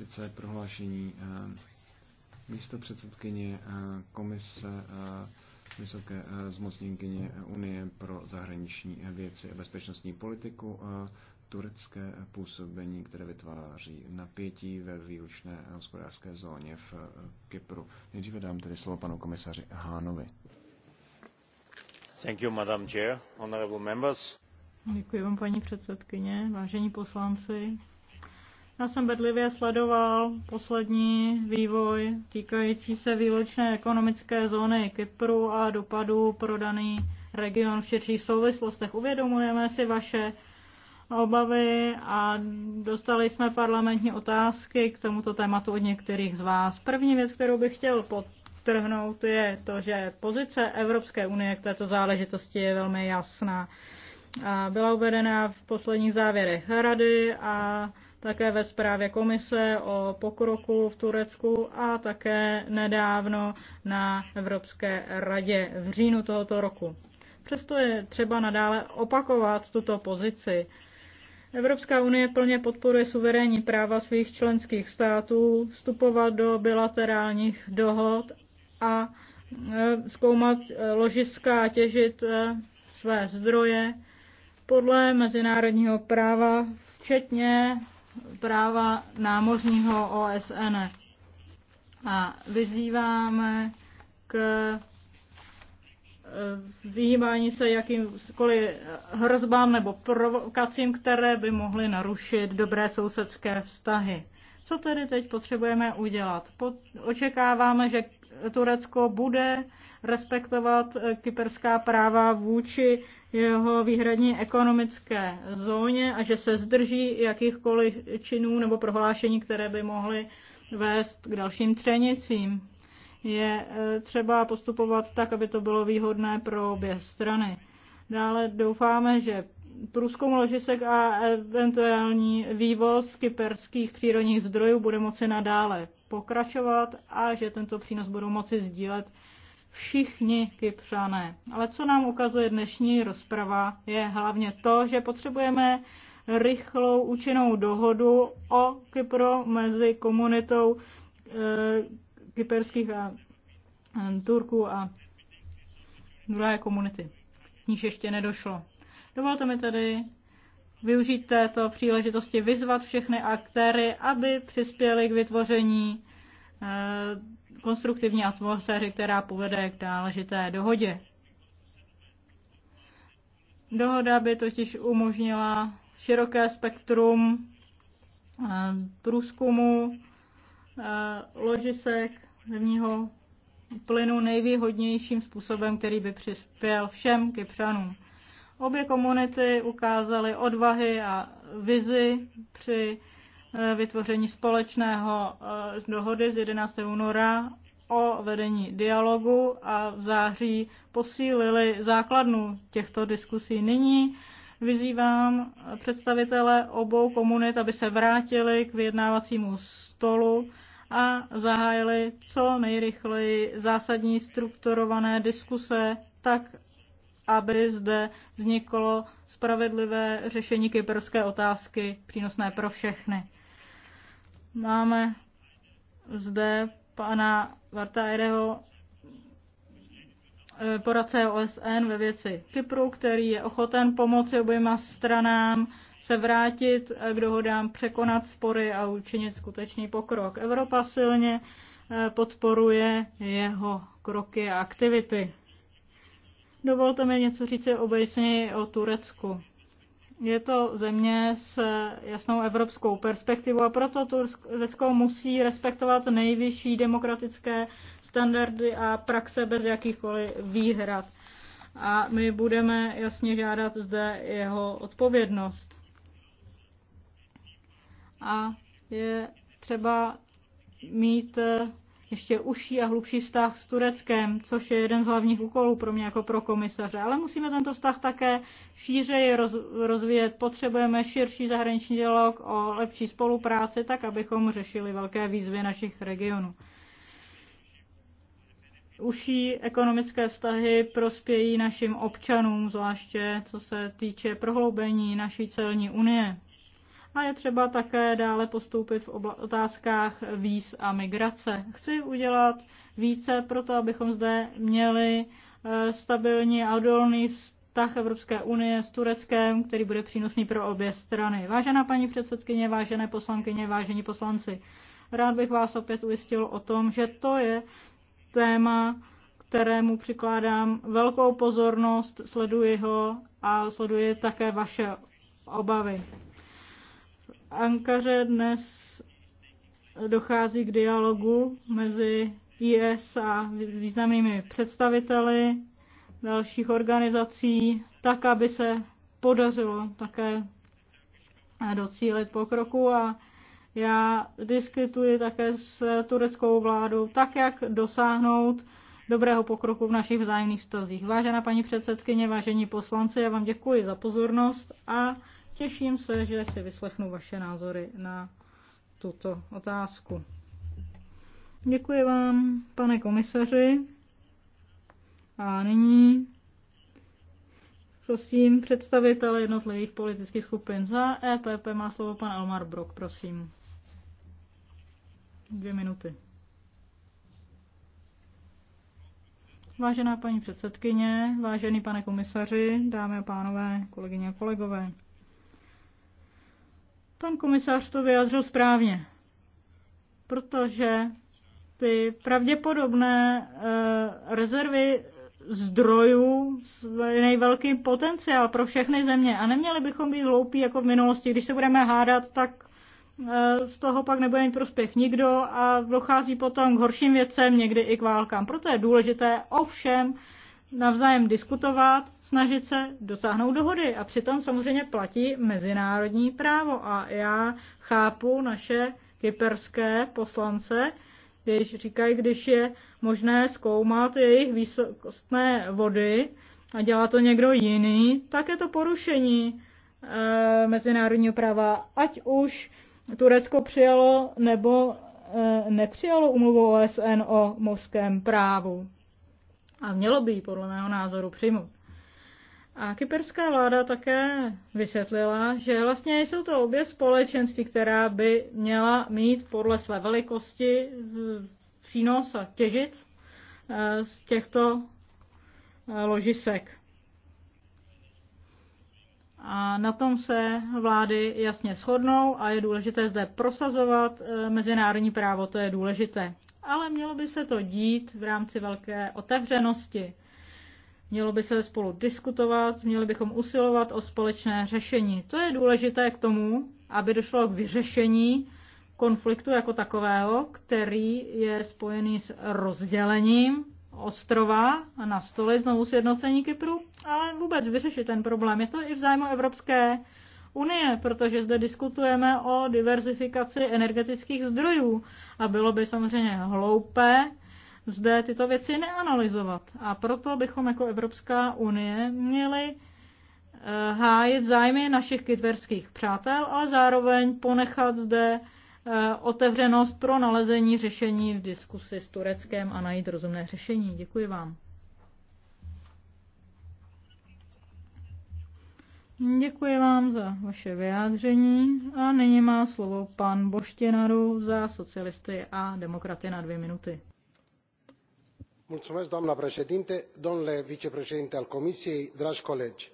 sice prohlášení eh, místo předsedkyně eh, komise eh, vysoké zmocněnkyně Unie pro zahraniční věci a bezpečnostní politiku a turecké působení, které vytváří napětí ve výlučné hospodářské zóně v Kypru. Nejdříve dám tedy slovo panu komisaři Hánovi. Thank you, Madam Chair, honorable members. Děkuji vám, paní předsedkyně, vážení poslanci, já jsem bedlivě sledoval poslední vývoj týkající se výločné ekonomické zóny Kypru a dopadu pro daný region v širších souvislostech. Uvědomujeme si vaše obavy a dostali jsme parlamentní otázky k tomuto tématu od některých z vás. První věc, kterou bych chtěl podtrhnout, je to, že pozice Evropské unie k této záležitosti je velmi jasná. Byla uvedena v posledních závěrech Rady a také ve zprávě komise o pokroku v Turecku a také nedávno na Evropské radě v říjnu tohoto roku. Přesto je třeba nadále opakovat tuto pozici. Evropská unie plně podporuje suverénní práva svých členských států vstupovat do bilaterálních dohod a e, zkoumat e, ložiska a těžit e, své zdroje podle mezinárodního práva, včetně práva námořního OSN. A vyzýváme k eh, vyhýbání se jakýmkoliv hrozbám nebo provokacím, které by mohly narušit dobré sousedské vztahy. Co tedy teď potřebujeme udělat? Po, očekáváme, že Turecko bude respektovat eh, kyperská práva vůči jeho výhradní ekonomické zóně a že se zdrží jakýchkoliv činů nebo prohlášení, které by mohly vést k dalším třenicím. Je eh, třeba postupovat tak, aby to bylo výhodné pro obě strany. Dále doufáme, že průzkum ložisek a eventuální vývoz kyperských přírodních zdrojů bude moci nadále pokračovat a že tento přínos budou moci sdílet všichni kypřané. Ale co nám ukazuje dnešní rozprava, je hlavně to, že potřebujeme rychlou účinnou dohodu o Kypro mezi komunitou e, kyperských a, a eh, Turků a druhé komunity níž ještě nedošlo. Dovolte mi tedy využít této příležitosti vyzvat všechny aktéry, aby přispěli k vytvoření eh, konstruktivní atmosféry, která povede k náležité dohodě. Dohoda by totiž umožnila široké spektrum eh, průzkumu eh, ložisek zemního plynu nejvýhodnějším způsobem, který by přispěl všem Kypřanům. Obě komunity ukázaly odvahy a vizi při eh, vytvoření společného eh, dohody z 11. února o vedení dialogu a v září posílili základnu těchto diskusí. Nyní vyzývám představitele obou komunit, aby se vrátili k vyjednávacímu stolu a zahájili co nejrychleji zásadní strukturované diskuse, tak aby zde vzniklo spravedlivé řešení kyperské otázky přínosné pro všechny. Máme zde pana Vartaereho, eh, poradce OSN ve věci Kypru, který je ochoten pomoci oběma stranám se vrátit eh, k dohodám, překonat spory a učinit skutečný pokrok. Evropa silně eh, podporuje jeho kroky a aktivity. Dovolte mi něco říct obecně o Turecku. Je to země s jasnou evropskou perspektivou a proto Turecko musí respektovat nejvyšší demokratické standardy a praxe bez jakýchkoliv výhrad. A my budeme jasně žádat zde jeho odpovědnost a je třeba mít eh, ještě užší a hlubší vztah s Tureckem, což je jeden z hlavních úkolů pro mě jako pro komisaře. Ale musíme tento vztah také šířeji roz, rozvíjet. Potřebujeme širší zahraniční dialog o lepší spolupráci, tak abychom řešili velké výzvy našich regionů. Užší ekonomické vztahy prospějí našim občanům, zvláště co se týče prohloubení naší celní unie a je třeba také dále postoupit v otázkách víz a migrace. Chci udělat více pro to, abychom zde měli eh, stabilní a odolný vztah Evropské unie s Tureckem, který bude přínosný pro obě strany. Vážená paní předsedkyně, vážené poslankyně, vážení poslanci, rád bych vás opět ujistil o tom, že to je téma, kterému přikládám velkou pozornost, sleduji ho a sleduji také vaše obavy. Ankaře dnes dochází k dialogu mezi IS a významnými představiteli dalších organizací, tak, aby se podařilo také docílit pokroku a já diskutuji také s tureckou vládou, tak jak dosáhnout dobrého pokroku v našich vzájemných vztazích. Vážená paní předsedkyně, vážení poslanci, já vám děkuji za pozornost a Těším se, že si vyslechnu vaše názory na tuto otázku. Děkuji vám, pane komisaři. A nyní prosím představitel jednotlivých politických skupin za EPP. Má slovo pan Elmar Brok, prosím. Dvě minuty. Vážená paní předsedkyně, vážený pane komisaři, dámy a pánové, kolegyně a kolegové. Pan komisař to vyjádřil správně, protože ty pravděpodobné e, rezervy zdrojů nejvelký potenciál pro všechny země. A neměli bychom být hloupí jako v minulosti. Když se budeme hádat, tak eh, z toho pak nebude mít prospěch nikdo a dochází potom k horším věcem, někdy i k válkám. Proto je důležité ovšem navzájem diskutovat, snažit se dosáhnout dohody. A přitom samozřejmě platí mezinárodní právo. A já chápu naše kyperské poslance, když říkají, když je možné zkoumat jejich výsostné vody a dělá to někdo jiný, tak je to porušení e, mezinárodního práva, ať už Turecko přijalo nebo e, nepřijalo umluvu OSN o mořském právu. A mělo by ji podle mého názoru přijmout. A kyperská vláda také vysvětlila, že vlastně jsou to obě společenství, která by měla mít podle své velikosti přínos a těžit eh, z těchto eh, ložisek. A na tom se vlády jasně shodnou a je důležité zde prosazovat eh, mezinárodní právo, to je důležité ale mělo by se to dít v rámci velké otevřenosti. Mělo by se spolu diskutovat, měli bychom usilovat o společné řešení. To je důležité k tomu, aby došlo k vyřešení konfliktu jako takového, který je spojený s rozdělením ostrova na stole znovu sjednocení Kypru, ale vůbec vyřešit ten problém. Je to i v zájmu Evropské unie, protože zde diskutujeme o diverzifikaci energetických zdrojů a bylo by samozřejmě hloupé zde tyto věci neanalyzovat. A proto bychom jako Evropská unie měli eh, hájit zájmy našich kytverských přátel, ale zároveň ponechat zde eh, otevřenost pro nalezení řešení v diskusi s Tureckem a najít rozumné řešení. Děkuji vám. Děkuji vám za vaše vyjádření a nyní má slovo pan Boštěnaru za socialisty a demokraty na dvě minuty. Mulțumesc, doamna președinte, domnule vicepreședinte al Comisiei, dragi colegi.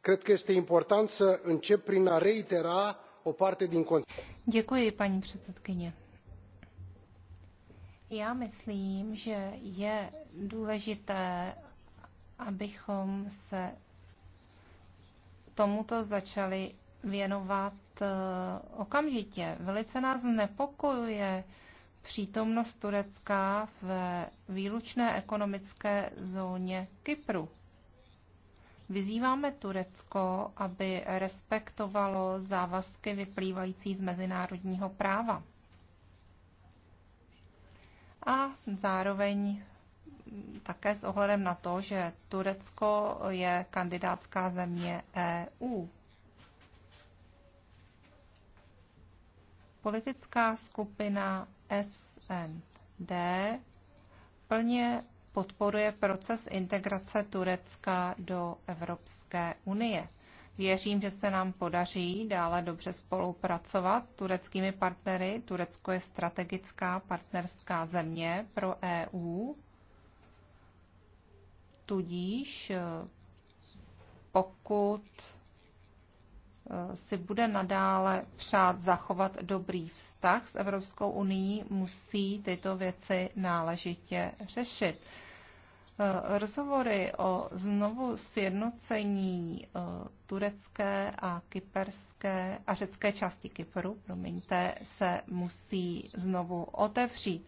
Cred că este important să încep prin a reitera o parte din Děkuji, paní předsedkyně. Já myslím, že je důležité, abychom se tomuto začali věnovat eh, okamžitě. Velice nás nepokojuje přítomnost Turecka ve výlučné ekonomické zóně Kypru. Vyzýváme Turecko, aby respektovalo závazky vyplývající z mezinárodního práva. A zároveň také s ohledem na to, že Turecko je kandidátská země EU. Politická skupina SND plně podporuje proces integrace Turecka do Evropské unie. Věřím, že se nám podaří dále dobře spolupracovat s tureckými partnery. Turecko je strategická partnerská země pro EU Tudíž eh, pokud eh, si bude nadále přát zachovat dobrý vztah s Evropskou unii, musí tyto věci náležitě řešit. Eh, rozhovory o znovu sjednocení turecké a kyperské a řecké části Kypru, promiňte, se musí znovu otevřít.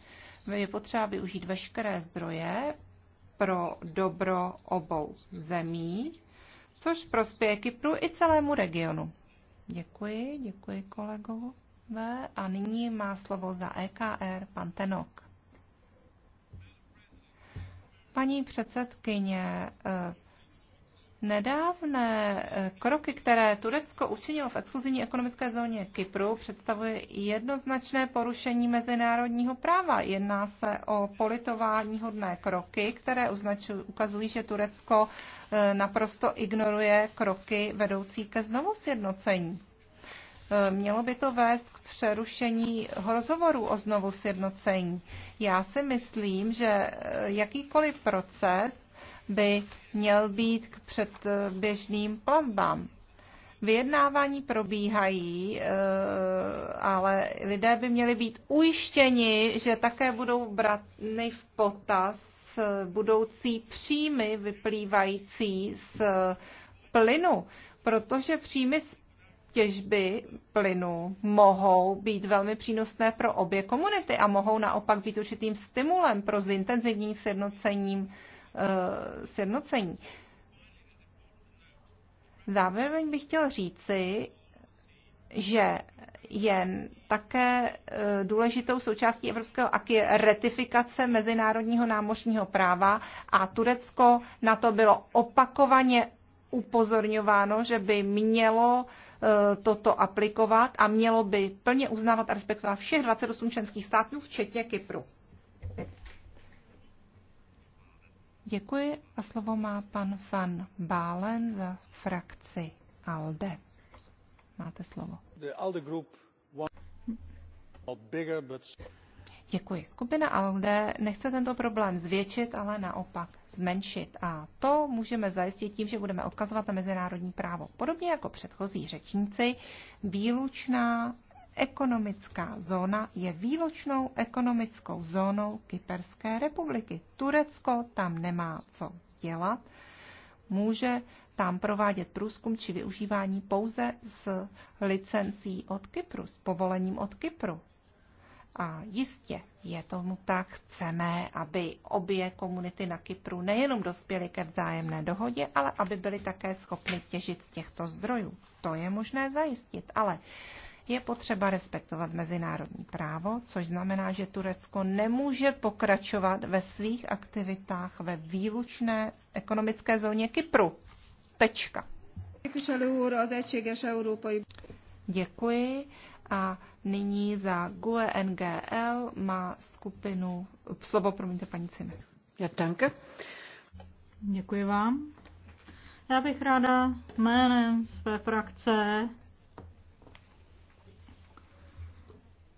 Je potřeba využít veškeré zdroje pro dobro obou zemí, což prospěje Kypru i celému regionu. Děkuji, děkuji kolegové. A nyní má slovo za EKR pan Tenok. Paní předsedkyně, eh, Nedávné eh, kroky, které Turecko učinilo v exkluzivní ekonomické zóně Kypru, představuje jednoznačné porušení mezinárodního práva. Jedná se o politování hodné kroky, které uznačují, ukazují, že Turecko eh, naprosto ignoruje kroky vedoucí ke znovu sjednocení. Eh, mělo by to vést k přerušení rozhovoru o znovu sjednocení. Já si myslím, že jakýkoliv proces by měl být k předběžným plavbám. Vyjednávání probíhají, eh, ale lidé by měli být ujištěni, že také budou bratny v potaz eh, budoucí příjmy vyplývající z plynu, protože příjmy z těžby plynu mohou být velmi přínosné pro obě komunity a mohou naopak být určitým stimulem pro zintenzivní sjednocením Eh, sjednocení. Zároveň bych chtěl říci, že je také eh, důležitou součástí Evropského aky retifikace mezinárodního námořního práva a Turecko na to bylo opakovaně upozorňováno, že by mělo eh, toto aplikovat a mělo by plně uznávat a respektovat všech 28 členských států, včetně Kypru. Děkuji a slovo má pan Van Bálen za frakci ALDE. Máte slovo. ALDE group bigger, but... Děkuji. Skupina ALDE nechce tento problém zvětšit, ale naopak zmenšit. A to můžeme zajistit tím, že budeme odkazovat na mezinárodní právo. Podobně jako předchozí řečníci, výlučná ekonomická zóna je výlučnou ekonomickou zónou Kyperské republiky. Turecko tam nemá co dělat, může tam provádět průzkum či využívání pouze s licencí od Kypru, s povolením od Kypru. A jistě je tomu tak, chceme, aby obě komunity na Kypru nejenom dospěly ke vzájemné dohodě, ale aby byly také schopny těžit z těchto zdrojů. To je možné zajistit, ale je potřeba respektovat mezinárodní právo, což znamená, že Turecko nemůže pokračovat ve svých aktivitách ve výlučné ekonomické zóně Kypru. Tečka. Děkuji a nyní za GUE NGL má skupinu, slovo promiňte paní Cime. Já danke. Děkuji vám. Já bych ráda jménem své frakce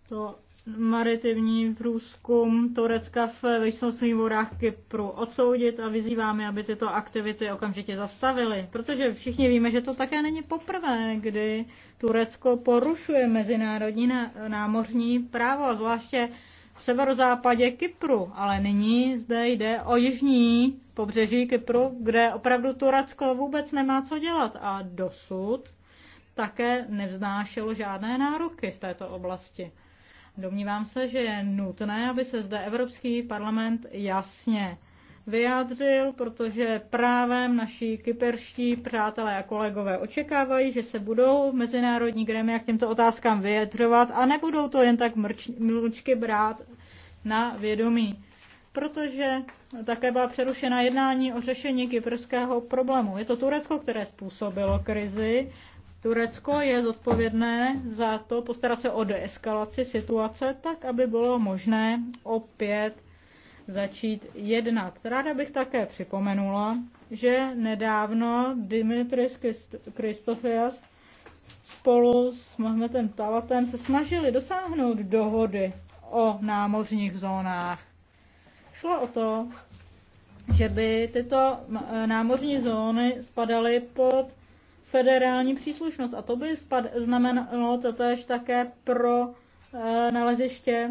to maritivní průzkum Turecka v výsostných vodách Kypru odsoudit a vyzýváme, aby tyto aktivity okamžitě zastavily. Protože všichni víme, že to také není poprvé, kdy Turecko porušuje mezinárodní námořní právo, a zvláště v severozápadě Kypru, ale nyní zde jde o jižní pobřeží Kypru, kde opravdu Turecko vůbec nemá co dělat a dosud také nevznášelo žádné nároky v této oblasti. Domnívám se, že je nutné, aby se zde Evropský parlament jasně vyjádřil, protože právem naši kyperští přátelé a kolegové očekávají, že se budou mezinárodní gremy k těmto otázkám vyjadřovat a nebudou to jen tak mrč, mlučky brát na vědomí. Protože také byla přerušena jednání o řešení kyperského problému. Je to Turecko, které způsobilo krizi Turecko je zodpovědné za to postarat se o deeskalaci situace, tak aby bylo možné opět začít jednat. Ráda bych také připomenula, že nedávno Dimitris Kristofias spolu s Mohmetem Talatem se snažili dosáhnout dohody o námořních zónách. Šlo o to, že by tyto e, námořní zóny spadaly pod federální příslušnost. A to by spad, znamenalo totéž také pro e, naleziště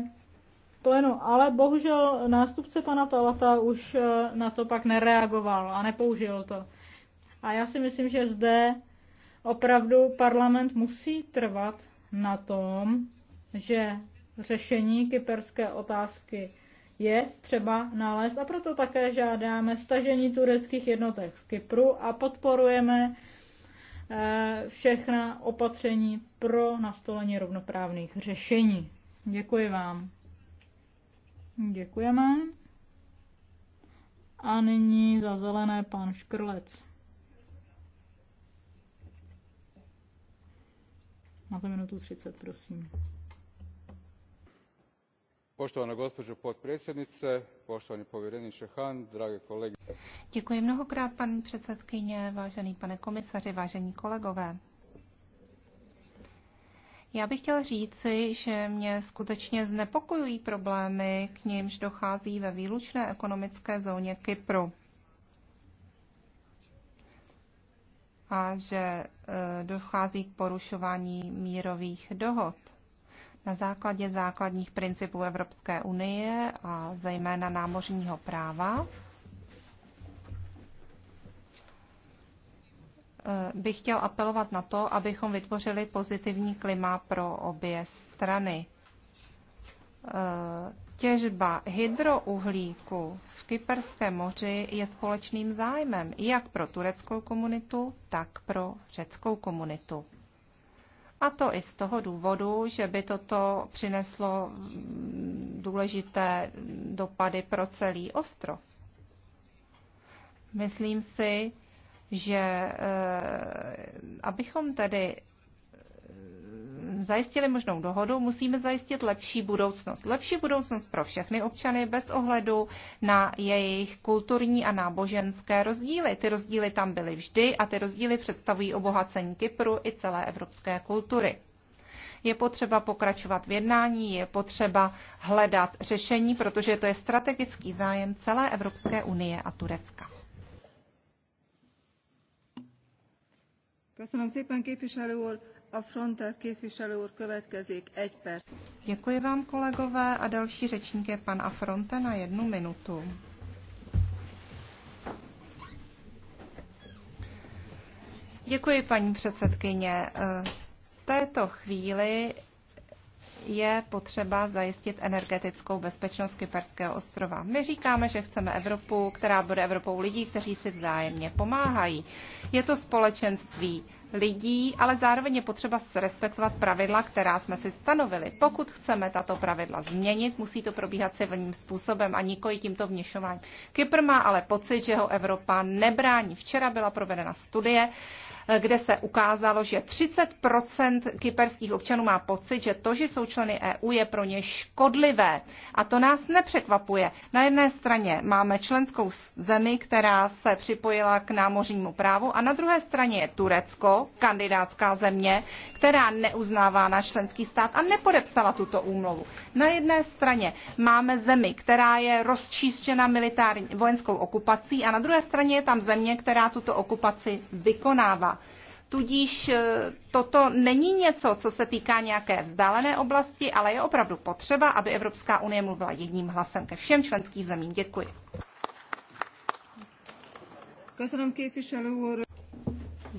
plenu. Ale bohužel nástupce pana Talata už e, na to pak nereagoval a nepoužil to. A já si myslím, že zde opravdu parlament musí trvat na tom, že řešení kyperské otázky je třeba nalézt a proto také žádáme stažení tureckých jednotek z Kypru a podporujeme Eh, všechna opatření pro nastolení rovnoprávných řešení. Děkuji vám. Děkujeme. A nyní za zelené pan Škrlec. Máte minutu 30, prosím. Poštovana gospođo potpredsjednice, poštovani povjereniče Han, drage kolegy. Děkuji mnohokrát, paní předsedkyně, vážený pane komisaři, vážení kolegové. Já bych chtěla říci, že mě skutečně znepokojují problémy, k nímž dochází ve výlučné ekonomické zóně Kypru. A že eh, dochází k porušování mírových dohod na základě základních principů Evropské unie a zejména námořního práva. Eh, bych chtěl apelovat na to, abychom vytvořili pozitivní klima pro obě strany. Eh, těžba hydrouhlíku v Kyperském moři je společným zájmem jak pro tureckou komunitu, tak pro řeckou komunitu. A to i z toho důvodu, že by toto přineslo důležité dopady pro celý ostrov. Myslím si, že eh, abychom tedy zajistili možnou dohodu, musíme zajistit lepší budoucnost. Lepší budoucnost pro všechny občany bez ohledu na jejich kulturní a náboženské rozdíly. Ty rozdíly tam byly vždy a ty rozdíly představují obohacení Kypru i celé evropské kultury je potřeba pokračovat v jednání, je potřeba hledat řešení, protože to je strategický zájem celé Evropské unie a Turecka. Köszönöm szépen, képviselő úr! A Fronta képviselő úr Děkuji vám, kolegové, a další řečník je pan Afronte na jednu minutu. Děkuji, paní předsedkyně. Eh, v této chvíli je potřeba zajistit energetickou bezpečnost Kyperského ostrova. My říkáme, že chceme Evropu, která bude Evropou lidí, kteří si vzájemně pomáhají. Je to společenství lidí, ale zároveň je potřeba respektovat pravidla, která jsme si stanovili. Pokud chceme tato pravidla změnit, musí to probíhat civilním způsobem a nikoli tímto vněšováním. Kypr má ale pocit, že ho Evropa nebrání. Včera byla provedena studie, kde se ukázalo, že 30 kyperských občanů má pocit, že to, že jsou členy EU, je pro ně škodlivé. A to nás nepřekvapuje. Na jedné straně máme členskou zemi, která se připojila k námořnímu právu, a na druhé straně je Turecko, kandidátská země, která neuznává náš členský stát a nepodepsala tuto úmluvu. Na jedné straně máme zemi, která je rozčíštěna militární vojenskou okupací a na druhé straně je tam země, která tuto okupaci vykonává. Tudíž e, toto není něco, co se týká nějaké vzdálené oblasti, ale je opravdu potřeba, aby Evropská unie mluvila jedním hlasem ke všem členským zemím. Děkuji.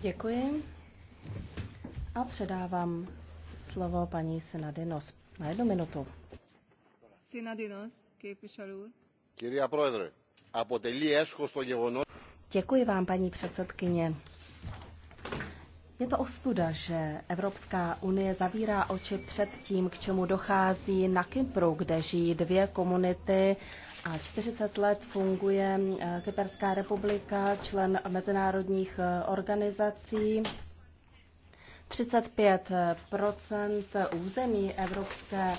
Děkuji. A předávám slovo paní Senadinos na jednu minutu. Děkuji vám, paní předsedkyně. Je to ostuda, že Evropská unie zavírá oči před tím, k čemu dochází na Kypru, kde žijí dvě komunity a 40 let funguje eh, Kyperská republika, člen mezinárodních eh, organizací. 35 eh, území Evropské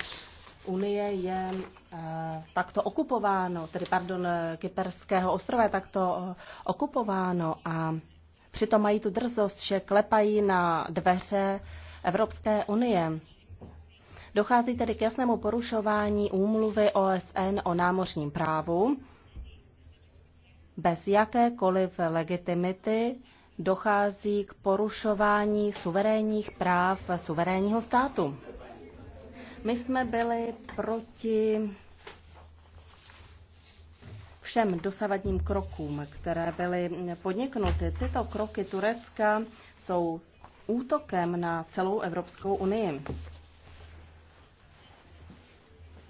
unie je eh, takto okupováno, tedy pardon, eh, Kyperského ostrova je takto eh, okupováno a přitom mají tu drzost, že klepají na dveře Evropské unie. Dochází tedy k jasnému porušování úmluvy OSN o námořním právu. Bez jakékoliv legitimity dochází k porušování suverénních práv suverénního státu. My jsme byli proti všem dosavadním krokům, které byly podniknuty. Tyto kroky Turecka jsou útokem na celou Evropskou unii.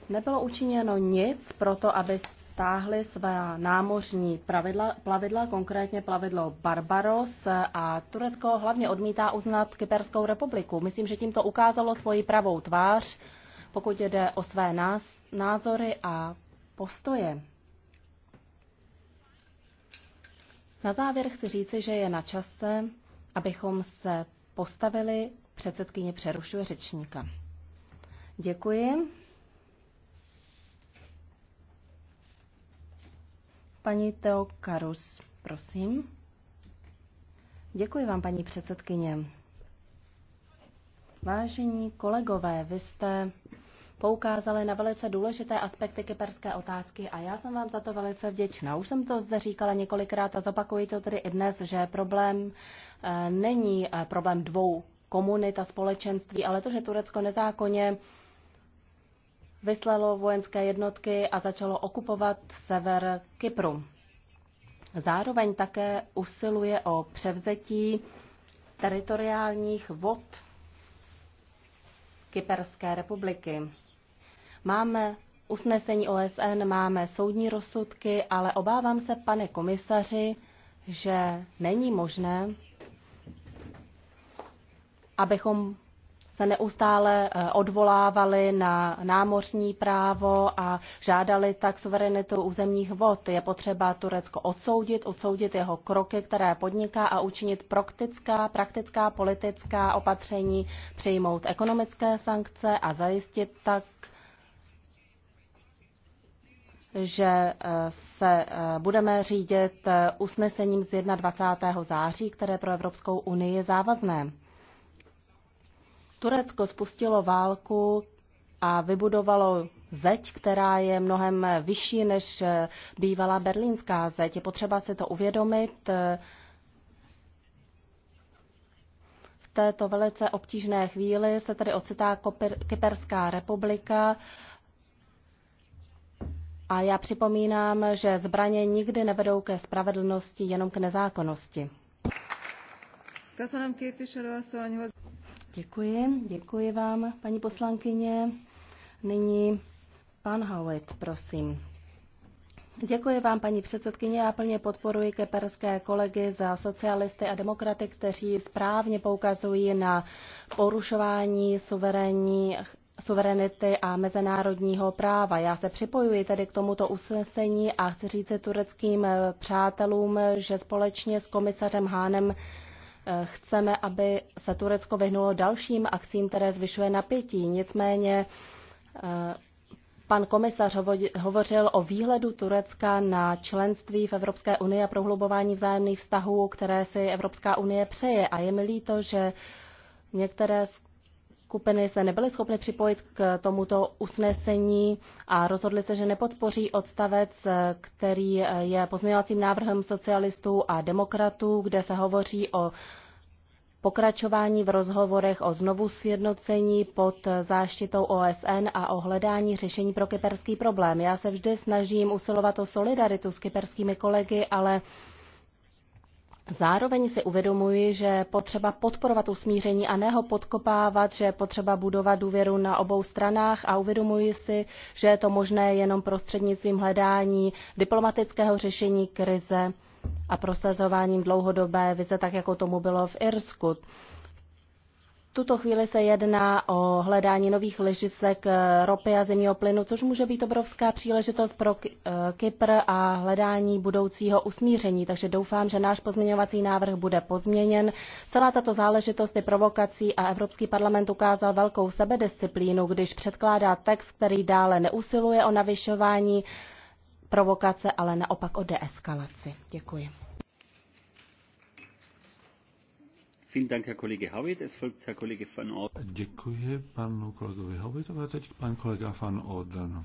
Nebylo učiněno nic pro to, aby stáhly svá námořní pravidla, plavidla, konkrétně plavidlo Barbaros a Turecko hlavně odmítá uznat Kyperskou republiku. Myslím, že tímto ukázalo svoji pravou tvář pokud jde o své názory a postoje. Na závěr chci říci, že je na čase, abychom se postavili předsedkyně přerušuje řečníka. Děkuji. Paní Teo Karus, prosím. Děkuji vám, paní předsedkyně. Vážení kolegové, vy jste poukázali na velice důležité aspekty kyperské otázky a já jsem vám za to velice vděčná. Už jsem to zde říkala několikrát a zopakuji to tedy i dnes, že problém eh, není eh, problém dvou komunit a společenství, ale to, že Turecko nezákonně vyslalo vojenské jednotky a začalo okupovat sever Kypru. Zároveň také usiluje o převzetí teritoriálních vod Kyperské republiky. Máme usnesení OSN, máme soudní rozsudky, ale obávám se, pane komisaři, že není možné, abychom se neustále eh, odvolávali na námořní právo a žádali tak suverenitu územních vod. Je potřeba Turecko odsoudit, odsoudit jeho kroky, které podniká a učinit praktická, praktická politická opatření, přijmout ekonomické sankce a zajistit tak že eh, se eh, budeme řídit eh, usnesením z 21. září, které pro Evropskou unii je závazné. Turecko spustilo válku a vybudovalo zeď, která je mnohem vyšší než bývalá berlínská zeď. Je potřeba si to uvědomit. V této velice obtížné chvíli se tedy ocitá Kyperská republika a já připomínám, že zbraně nikdy nevedou ke spravedlnosti, jenom k nezákonnosti. Děkuji, děkuji vám, paní poslankyně. Nyní pan Howitt, prosím. Děkuji vám, paní předsedkyně. Já plně podporuji keperské kolegy za socialisty a demokraty, kteří správně poukazují na porušování suverénních suverenity a mezinárodního práva. Já se připojuji tedy k tomuto usnesení a chci říct tureckým eh, přátelům, že společně s komisařem Hánem eh, chceme, aby se Turecko vyhnulo dalším akcím, které zvyšuje napětí. Nicméně eh, pan komisař hovořil o výhledu Turecka na členství v Evropské unii a prohlubování vzájemných vztahů, které si Evropská unie přeje. A je mi líto, že některé z skupiny se nebyly schopny připojit k tomuto usnesení a rozhodli se, že nepodpoří odstavec, který je pozměňovacím návrhem socialistů a demokratů, kde se hovoří o pokračování v rozhovorech o znovu sjednocení pod záštitou OSN a o hledání řešení pro kyperský problém. Já se vždy snažím usilovat o solidaritu s kyperskými kolegy, ale Zároveň si uvědomuji, že potřeba podporovat usmíření a ne ho podkopávat, že potřeba budovat důvěru na obou stranách a uvědomuji si, že je to možné jenom prostřednictvím hledání diplomatického řešení krize a prosazováním dlouhodobé vize, tak jako tomu bylo v Irsku tuto chvíli se jedná o hledání nových ležisek eh, ropy a zemního plynu, což může být obrovská příležitost pro eh, Kypr a hledání budoucího usmíření. Takže doufám, že náš pozměňovací návrh bude pozměněn. Celá tato záležitost je provokací a Evropský parlament ukázal velkou sebedisciplínu, když předkládá text, který dále neusiluje o navyšování provokace, ale naopak o deeskalaci. Děkuji. Děkuji panu kolegovi Howittovi, teď pan kolega Van Orden.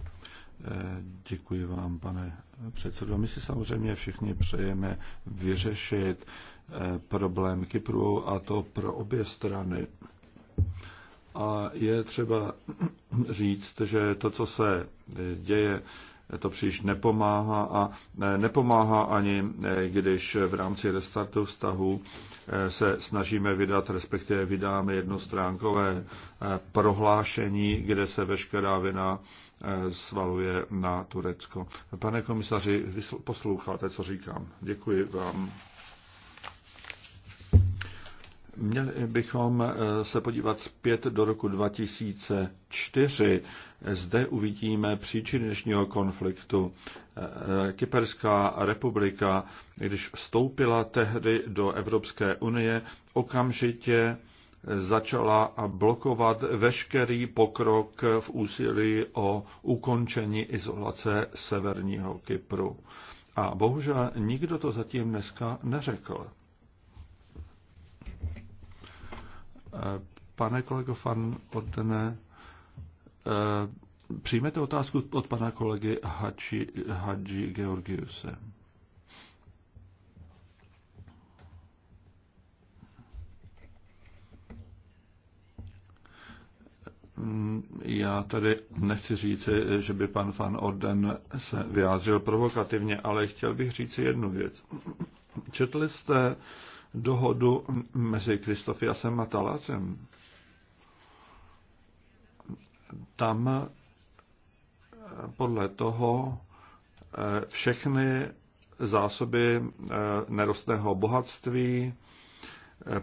Eh, děkuji vám, pane předsedo. My si samozřejmě všichni přejeme vyřešit eh, problém Kypru a to pro obě strany. A je třeba říct, že to, co se eh, děje, to příliš nepomáhá a e, nepomáhá ani, e, když v rámci restartu vztahu e, se snažíme vydat, respektive vydáme jednostránkové prohlášení, kde se veškerá vina svaluje na Turecko. Pane komisaři, posloucháte, co říkám. Děkuji vám. Měli bychom eh, se podívat zpět do roku 2004. Zde uvidíme příčiny dnešního konfliktu. Eh, eh, Kyperská republika, když vstoupila tehdy do Evropské unie, okamžitě začala blokovat veškerý pokrok v úsilí o ukončení izolace severního Kypru. A bohužel nikdo to zatím dneska neřekl. Pane kolego Fan Ordene, eh, přijmete otázku od pana kolegy Hadži, Hadži Georgiuse. Mm, já tady nechci říci, že by pan Van Orden se vyjádřil provokativně, ale chtěl bych říci jednu věc. Četli jste dohodu mezi Kristofiasem a Talacem. Tam eh, podle toho eh, všechny zásoby eh, nerostného bohatství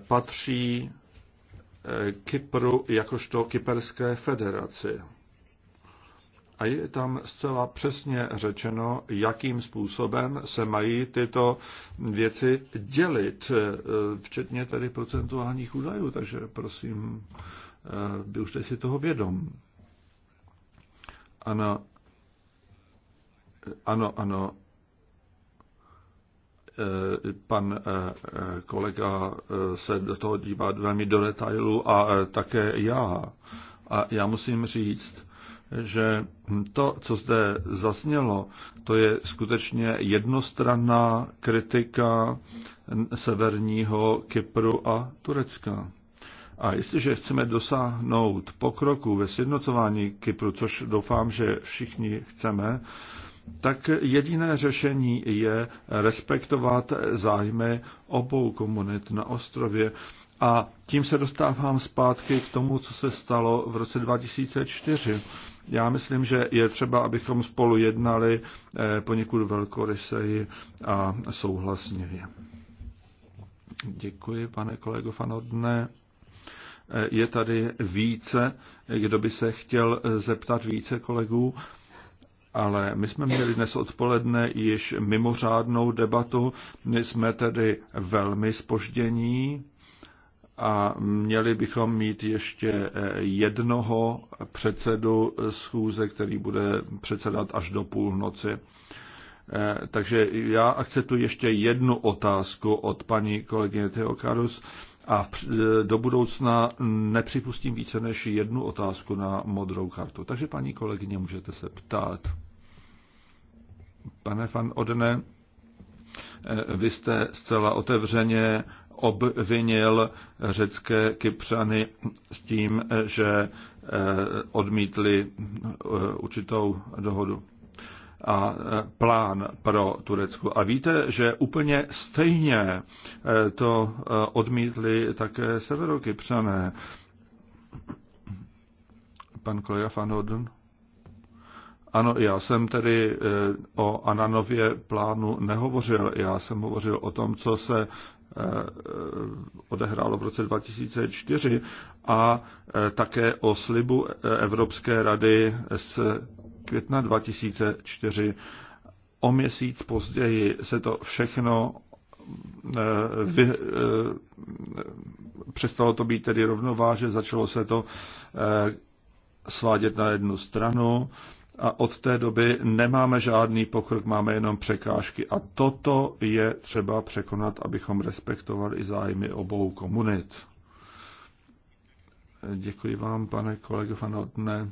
patří Kypru jakožto Kyperské federaci a je tam zcela přesně řečeno, jakým způsobem se mají tyto věci dělit, eh, včetně tedy procentuálních údajů, takže prosím, byste eh, si toho vědom. Ano, eh, ano, ano, pan kolega se do toho dívá velmi do detailu a také já. A já musím říct, že to, co zde zaznělo, to je skutečně jednostranná kritika severního Kypru a Turecka. A jestliže chceme dosáhnout pokroku ve sjednocování Kypru, což doufám, že všichni chceme, tak jediné řešení je respektovat zájmy obou komunit na ostrově. A tím se dostávám zpátky k tomu, co se stalo v roce 2004. Já myslím, že je třeba, abychom spolu jednali eh, poněkud velkoryseji a souhlasněji. Děkuji, pane kolego Fanodne. Eh, je tady více, eh, kdo by se chtěl zeptat více kolegů, ale my jsme měli dnes odpoledne již mimořádnou debatu. My jsme tedy velmi spoždění a měli bychom mít ještě eh, jednoho předsedu schůze, který bude předsedat až do půlnoci. Eh, takže já akceptuji ještě jednu otázku od paní kolegyně Teokarus a eh, do budoucna nepřipustím více než jednu otázku na modrou kartu. Takže paní kolegyně, můžete se ptát. Pane Van Odene, vy jste zcela otevřeně obvinil řecké Kypřany s tím, že eh, odmítli eh, určitou dohodu a eh, plán pro Turecku. A víte, že úplně stejně to odmítli také severokypřané. Pan kolega Van ano, já jsem tedy eh, o Ananově plánu nehovořil. Já jsem hovořil o tom, co se eh, odehrálo v roce 2004 a eh, také o slibu Evropské rady z května 2004. O měsíc později se to všechno vy, přestalo to být tedy rovnováže, začalo se to svádět na jednu stranu a od té doby nemáme žádný pokrok, máme jenom překážky. A toto je třeba překonat, abychom respektovali i zájmy obou komunit. Děkuji vám, pane kolego Fanotne.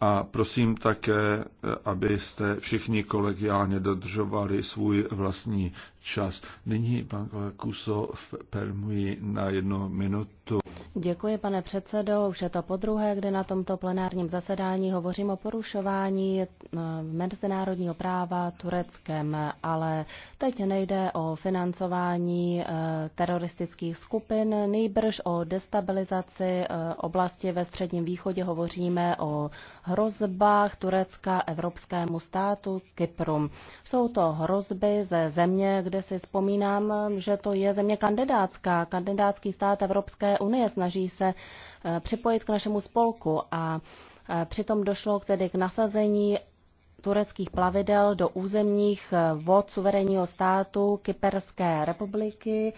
A prosím také, abyste všichni kolegiálně dodržovali svůj vlastní čas. Nyní pan Kuso v Permuji na jednu minutu. Děkuji, pane předsedo. Už je to po druhé, kde na tomto plenárním zasedání hovořím o porušování eh, mezinárodního práva tureckém, ale teď nejde o financování eh, teroristických skupin, nejbrž o destabilizaci eh, oblasti ve Středním východě. Hovoříme o hrozbách Turecka Evropskému státu Kypru. Jsou to hrozby ze země, kde si vzpomínám, že to je země kandidátská, kandidátský stát Evropské unie, snaží se eh, připojit k našemu spolku a eh, přitom došlo k tedy k nasazení tureckých plavidel do územních eh, vod suverénního státu Kyperské republiky.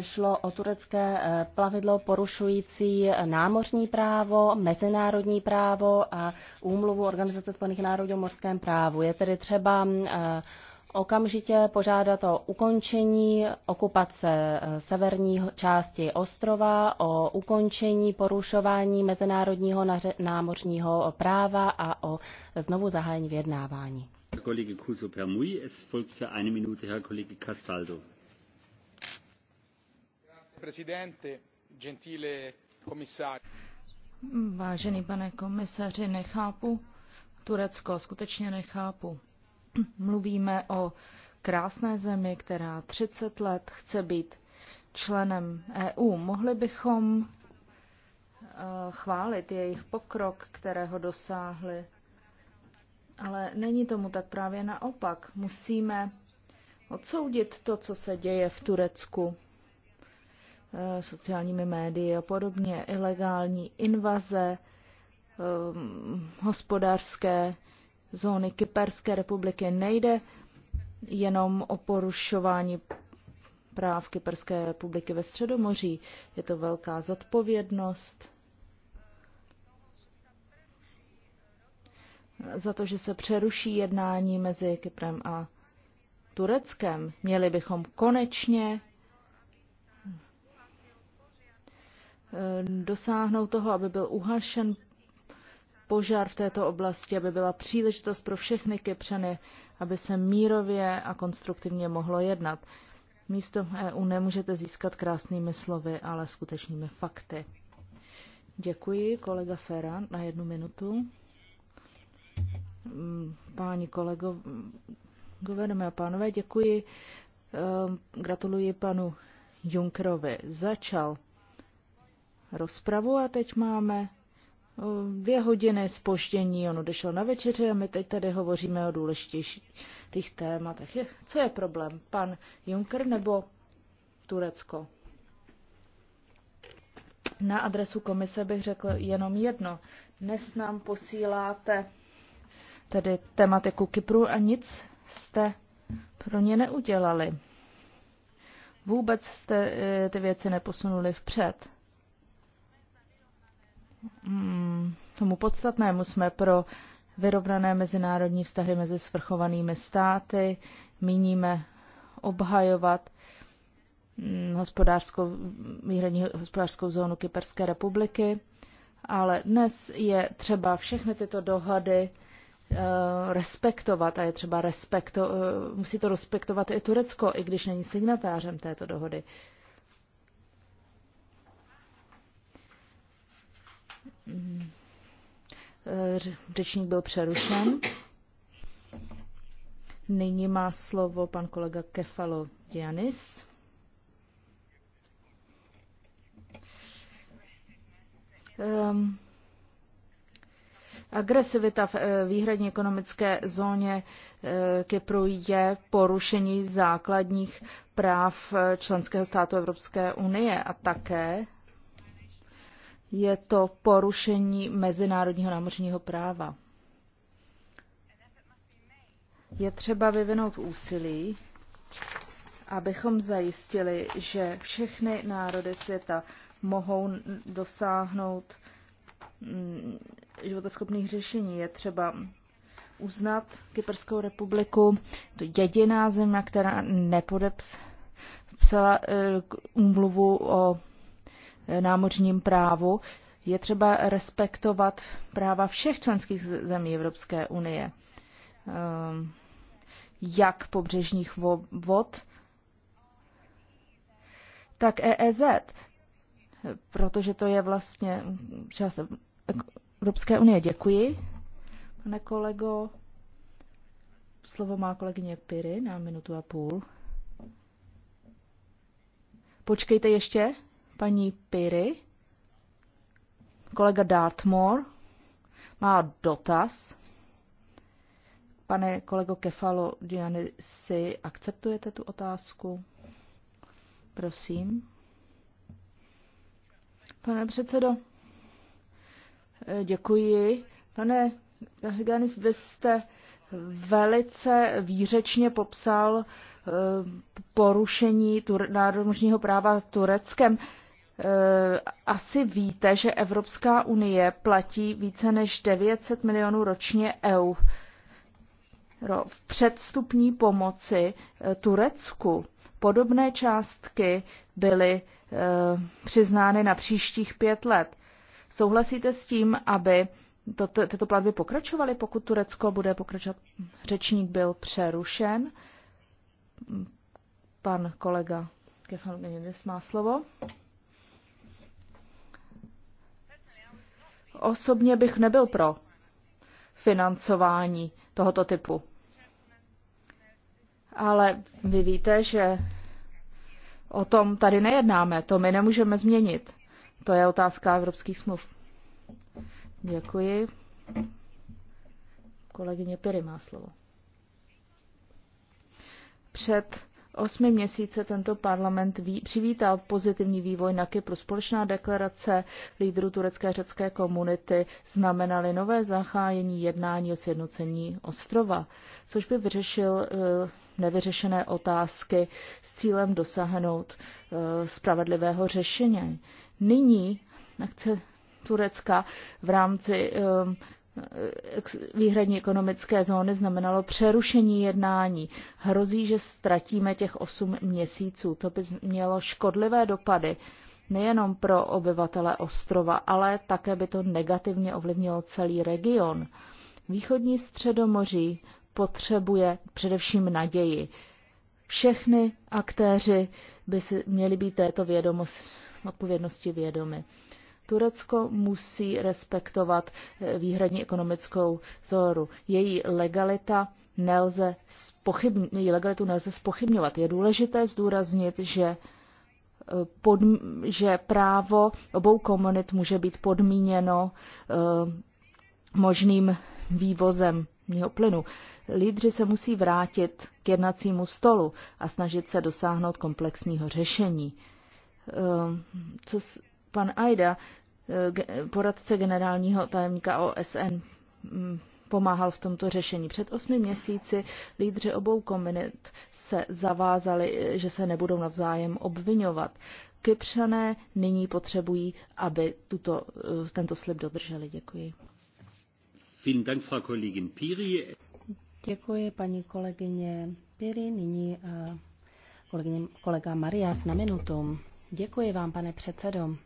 Šlo o turecké plavidlo porušující námořní právo, mezinárodní právo a úmluvu Organizace spojených národů o morském právu. Je tedy třeba okamžitě požádat o ukončení okupace eh, severní části ostrova, o ukončení porušování mezinárodního námořního práva a o znovu zahájení vyjednávání. Vážený pane komisaři, nechápu Turecko, skutečně nechápu Mluvíme o krásné zemi, která 30 let chce být členem EU. Mohli bychom eh, chválit jejich pokrok, kterého dosáhli. Ale není tomu tak právě naopak. Musíme odsoudit to, co se děje v Turecku eh, sociálními médii a podobně, ilegální invaze, eh, hospodářské zóny Kyperské republiky. Nejde jenom o porušování práv Kyperské republiky ve Středomoří. Je to velká zodpovědnost za to, že se přeruší jednání mezi Kyprem a Tureckem. Měli bychom konečně eh, dosáhnout toho, aby byl uhašen požár v této oblasti, aby byla příležitost pro všechny Kypřany, aby se mírově a konstruktivně mohlo jednat. Místo EU nemůžete získat krásnými slovy, ale skutečnými fakty. Děkuji, kolega Ferran, na jednu minutu. Mm, páni kolego, dámy a pánové, děkuji. Ehm, gratuluji panu Junkerovi. Začal rozpravu a teď máme Eh, dvě hodiny spoždění, on odešel na večeři a my teď tady hovoříme o důležitějších tématech. Co je problém? Pan Juncker nebo Turecko? Na adresu komise bych řekl jenom jedno. Dnes nám posíláte tedy tematiku Kypru a nic jste pro ně neudělali. Vůbec jste eh, ty věci neposunuli vpřed. Hmm tomu podstatnému jsme pro vyrovnané mezinárodní vztahy mezi svrchovanými státy, míníme obhajovat mm, hospodářskou, výhradní hospodářskou zónu Kyperské republiky, ale dnes je třeba všechny tyto dohady eh, respektovat a je třeba respekto, eh, musí to respektovat i Turecko, i když není signatářem této dohody. Mm. Eh, řečník byl přerušen. Nyní má slovo pan kolega Kefalo Dianis. Um, ehm, agresivita v eh, výhradní ekonomické zóně eh, Kypru je porušení základních práv členského státu Evropské unie a také je to porušení mezinárodního námořního práva. Je třeba vyvinout úsilí, abychom zajistili, že všechny národy světa mohou dosáhnout mm, životaschopných řešení. Je třeba uznat Kyperskou republiku, to je jediná země, která nepodepsala eh, úmluvu o námořním právu, je třeba respektovat práva všech členských zemí Evropské unie, ehm, jak pobřežních vod, tak EEZ, protože to je vlastně část Evropské unie. Děkuji, pane kolego. Slovo má kolegyně Piry na minutu a půl. Počkejte ještě paní Piry. Kolega Dartmoor má dotaz. Pane kolego Kefalo Diany, si akceptujete tu otázku? Prosím. Pane předsedo, děkuji. Pane Gahiganis, vy jste velice výřečně popsal eh, porušení národního práva tureckém. Eh, asi víte, že Evropská unie platí více než 900 milionů ročně EU v předstupní pomoci eh, Turecku. Podobné částky byly eh, přiznány na příštích pět let. Souhlasíte s tím, aby tyto platby pokračovaly, pokud Turecko bude pokračovat? Řečník byl přerušen. Pan kolega Kefal Minimis má slovo. Osobně bych nebyl pro financování tohoto typu. Ale vy víte, že o tom tady nejednáme, to my nemůžeme změnit. To je otázka evropských smluv. Děkuji. Kolegyně Piry má slovo. Před osmi měsíce tento parlament ví, přivítal pozitivní vývoj na Kypru. Společná deklarace lídrů turecké řecké komunity znamenaly nové zachájení jednání o sjednocení ostrova, což by vyřešil eh, nevyřešené otázky s cílem dosáhnout eh, spravedlivého řešení. Nyní akce Turecka v rámci eh, výhradní ekonomické zóny znamenalo přerušení jednání. Hrozí, že ztratíme těch 8 měsíců. To by mělo škodlivé dopady nejenom pro obyvatele ostrova, ale také by to negativně ovlivnilo celý region. Východní středomoří potřebuje především naději. Všechny aktéři by si měli být této vědomosti odpovědnosti vědomi. Turecko musí respektovat eh, výhradní ekonomickou zóru. Její legalita nelze spochybň, její legalitu nelze spochybňovat. Je důležité zdůraznit, že eh, pod, že právo obou komunit může být podmíněno uh, možným vývozem plynu. Lídři se musí vrátit k jednacímu stolu a snažit se dosáhnout komplexního řešení. Uh, co s, pan Aida Eh, poradce generálního tajemníka OSN mm, pomáhal v tomto řešení. Před osmi měsíci lídři obou komunit se zavázali, eh, že se nebudou navzájem obvinovat. Kypřané nyní potřebují, aby tuto, eh, tento slib dodrželi. Děkuji. Děkuji, paní kolegyně Piri. Nyní kolegyně, kolega Marias na minutu. Děkuji vám, pane předsedo.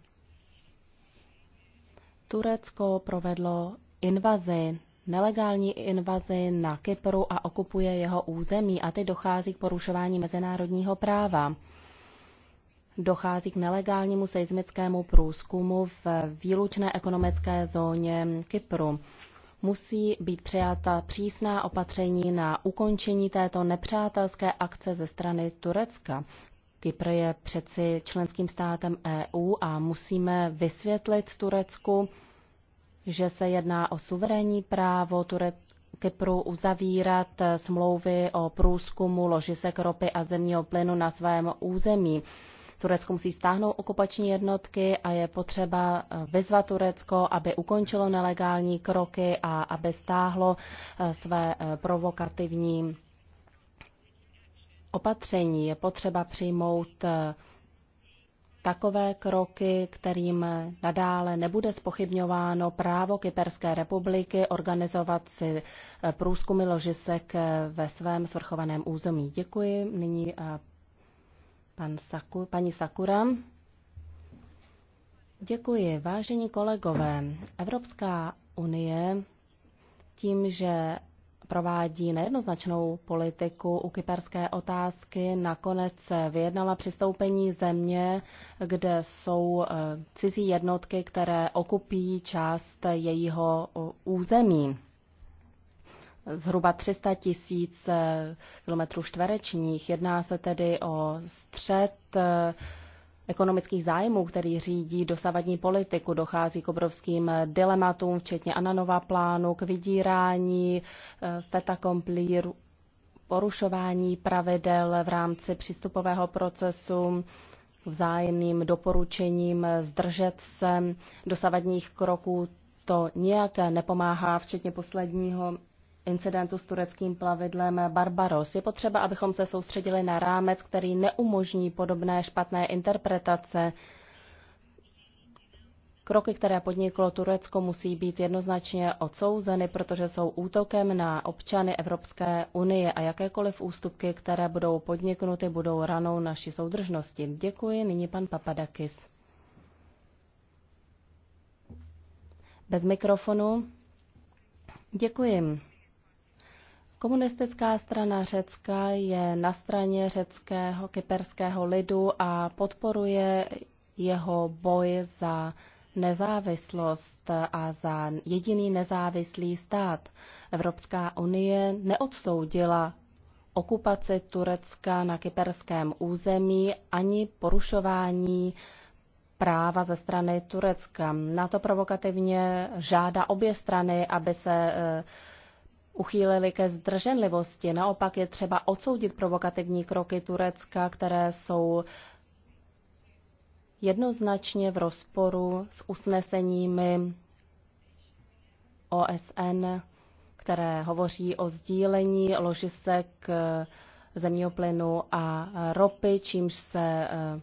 Turecko provedlo invazi, nelegální invazi na Kypru a okupuje jeho území a ty dochází k porušování mezinárodního práva. Dochází k nelegálnímu seismickému průzkumu v výlučné ekonomické zóně Kypru. Musí být přijata přísná opatření na ukončení této nepřátelské akce ze strany Turecka. Kypr je přeci členským státem EU a musíme vysvětlit Turecku, že se jedná o suverénní právo Turecka Kypru uzavírat smlouvy o průzkumu ložisek ropy a zemního plynu na svém území. Turecko musí stáhnout okupační jednotky a je potřeba eh, vyzvat Turecko, aby ukončilo nelegální kroky a aby stáhlo eh, své eh, provokativní opatření je potřeba přijmout eh, takové kroky, kterým nadále nebude spochybňováno právo Kyperské republiky organizovat si eh, průzkumy ložisek eh, ve svém svrchovaném území. Děkuji. Nyní pan Saku, paní Sakura. Děkuji. Vážení kolegové, Evropská unie tím, že provádí nejednoznačnou politiku u kyperské otázky. Nakonec vyjednala přistoupení země, kde jsou eh, cizí jednotky, které okupí část jejího eh, území. Zhruba 300 tisíc eh, kilometrů čtverečních. Jedná se tedy o střed ekonomických zájmů, který řídí dosavadní politiku. Dochází k obrovským dilematům, včetně Ananova plánu, k vydírání, eh, feta komplíru, porušování pravidel v rámci přístupového procesu, vzájemným doporučením zdržet se dosavadních kroků. To nějak nepomáhá, včetně posledního incidentu s tureckým plavidlem Barbaros. Je potřeba, abychom se soustředili na rámec, který neumožní podobné špatné interpretace. Kroky, které podniklo Turecko, musí být jednoznačně odsouzeny, protože jsou útokem na občany Evropské unie a jakékoliv ústupky, které budou podniknuty, budou ranou naší soudržnosti. Děkuji. Nyní pan Papadakis. Bez mikrofonu. Děkuji. Komunistická strana Řecka je na straně řeckého kyperského lidu a podporuje jeho boj za nezávislost a za jediný nezávislý stát. Evropská unie neodsoudila okupaci Turecka na kyperském území ani porušování práva ze strany Turecka. Na to provokativně žádá obě strany, aby se eh, uchýlili ke zdrženlivosti. Naopak je třeba odsoudit provokativní kroky Turecka, které jsou jednoznačně v rozporu s usneseními OSN, které hovoří o sdílení ložisek eh, zemního plynu a ropy, čímž se eh,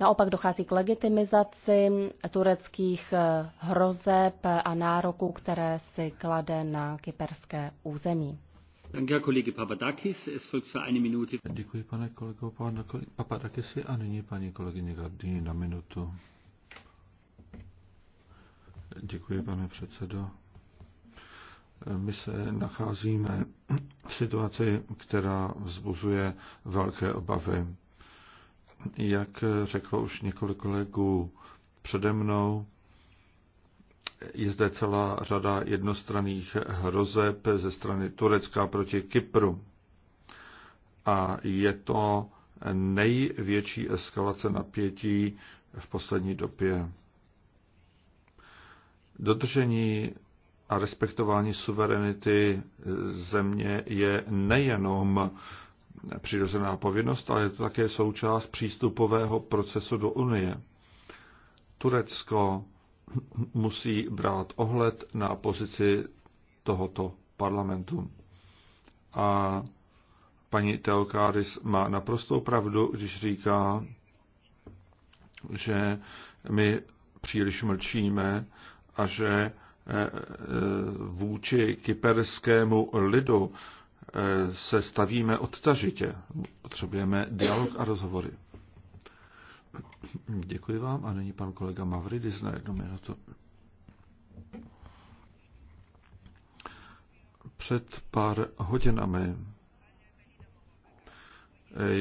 Naopak dochází k legitimizaci tureckých eh, hrozeb a nároků, které si klade na kyperské území. Děkuji, pane kolego Papadakisi, a nyní paní kolegyně Gardini na minutu. Děkuji, pane předsedo. My se nacházíme v situaci, která vzbuzuje velké obavy jak řeklo už několik kolegů přede mnou, je zde celá řada jednostranných hrozeb ze strany Turecka proti Kypru. A je to největší eskalace napětí v poslední době. Dodržení a respektování suverenity země je nejenom přirozená povinnost, ale je to také součást přístupového procesu do Unie. Turecko musí brát ohled na pozici tohoto parlamentu. A paní Teokáris má naprostou pravdu, když říká, že my příliš mlčíme a že eh, eh, vůči kyperskému lidu Eh, se stavíme odtažitě. Potřebujeme dialog a rozhovory. Děkuji vám a nyní pan kolega Mavridis na jednu minutu. Před pár hodinami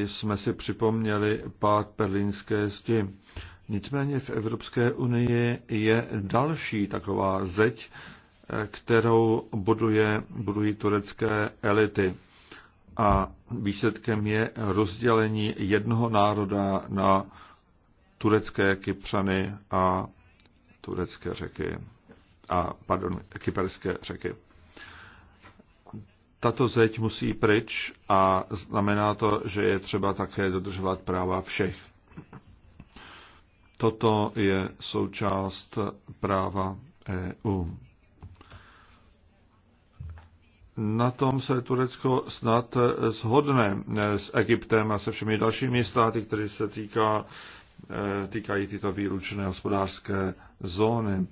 jsme si připomněli pád berlínské zdi. Nicméně v Evropské unii je další taková zeď, kterou buduje, budují turecké elity. A výsledkem je rozdělení jednoho národa na turecké Kypřany a turecké řeky a pardon, kyperské řeky. Tato zeď musí pryč a znamená to, že je třeba také dodržovat práva všech. Toto je součást práva EU na tom se Turecko snad shodne s Egyptem a se všemi dalšími státy, které se týká, eh, týkají tyto výručné hospodářské zóny.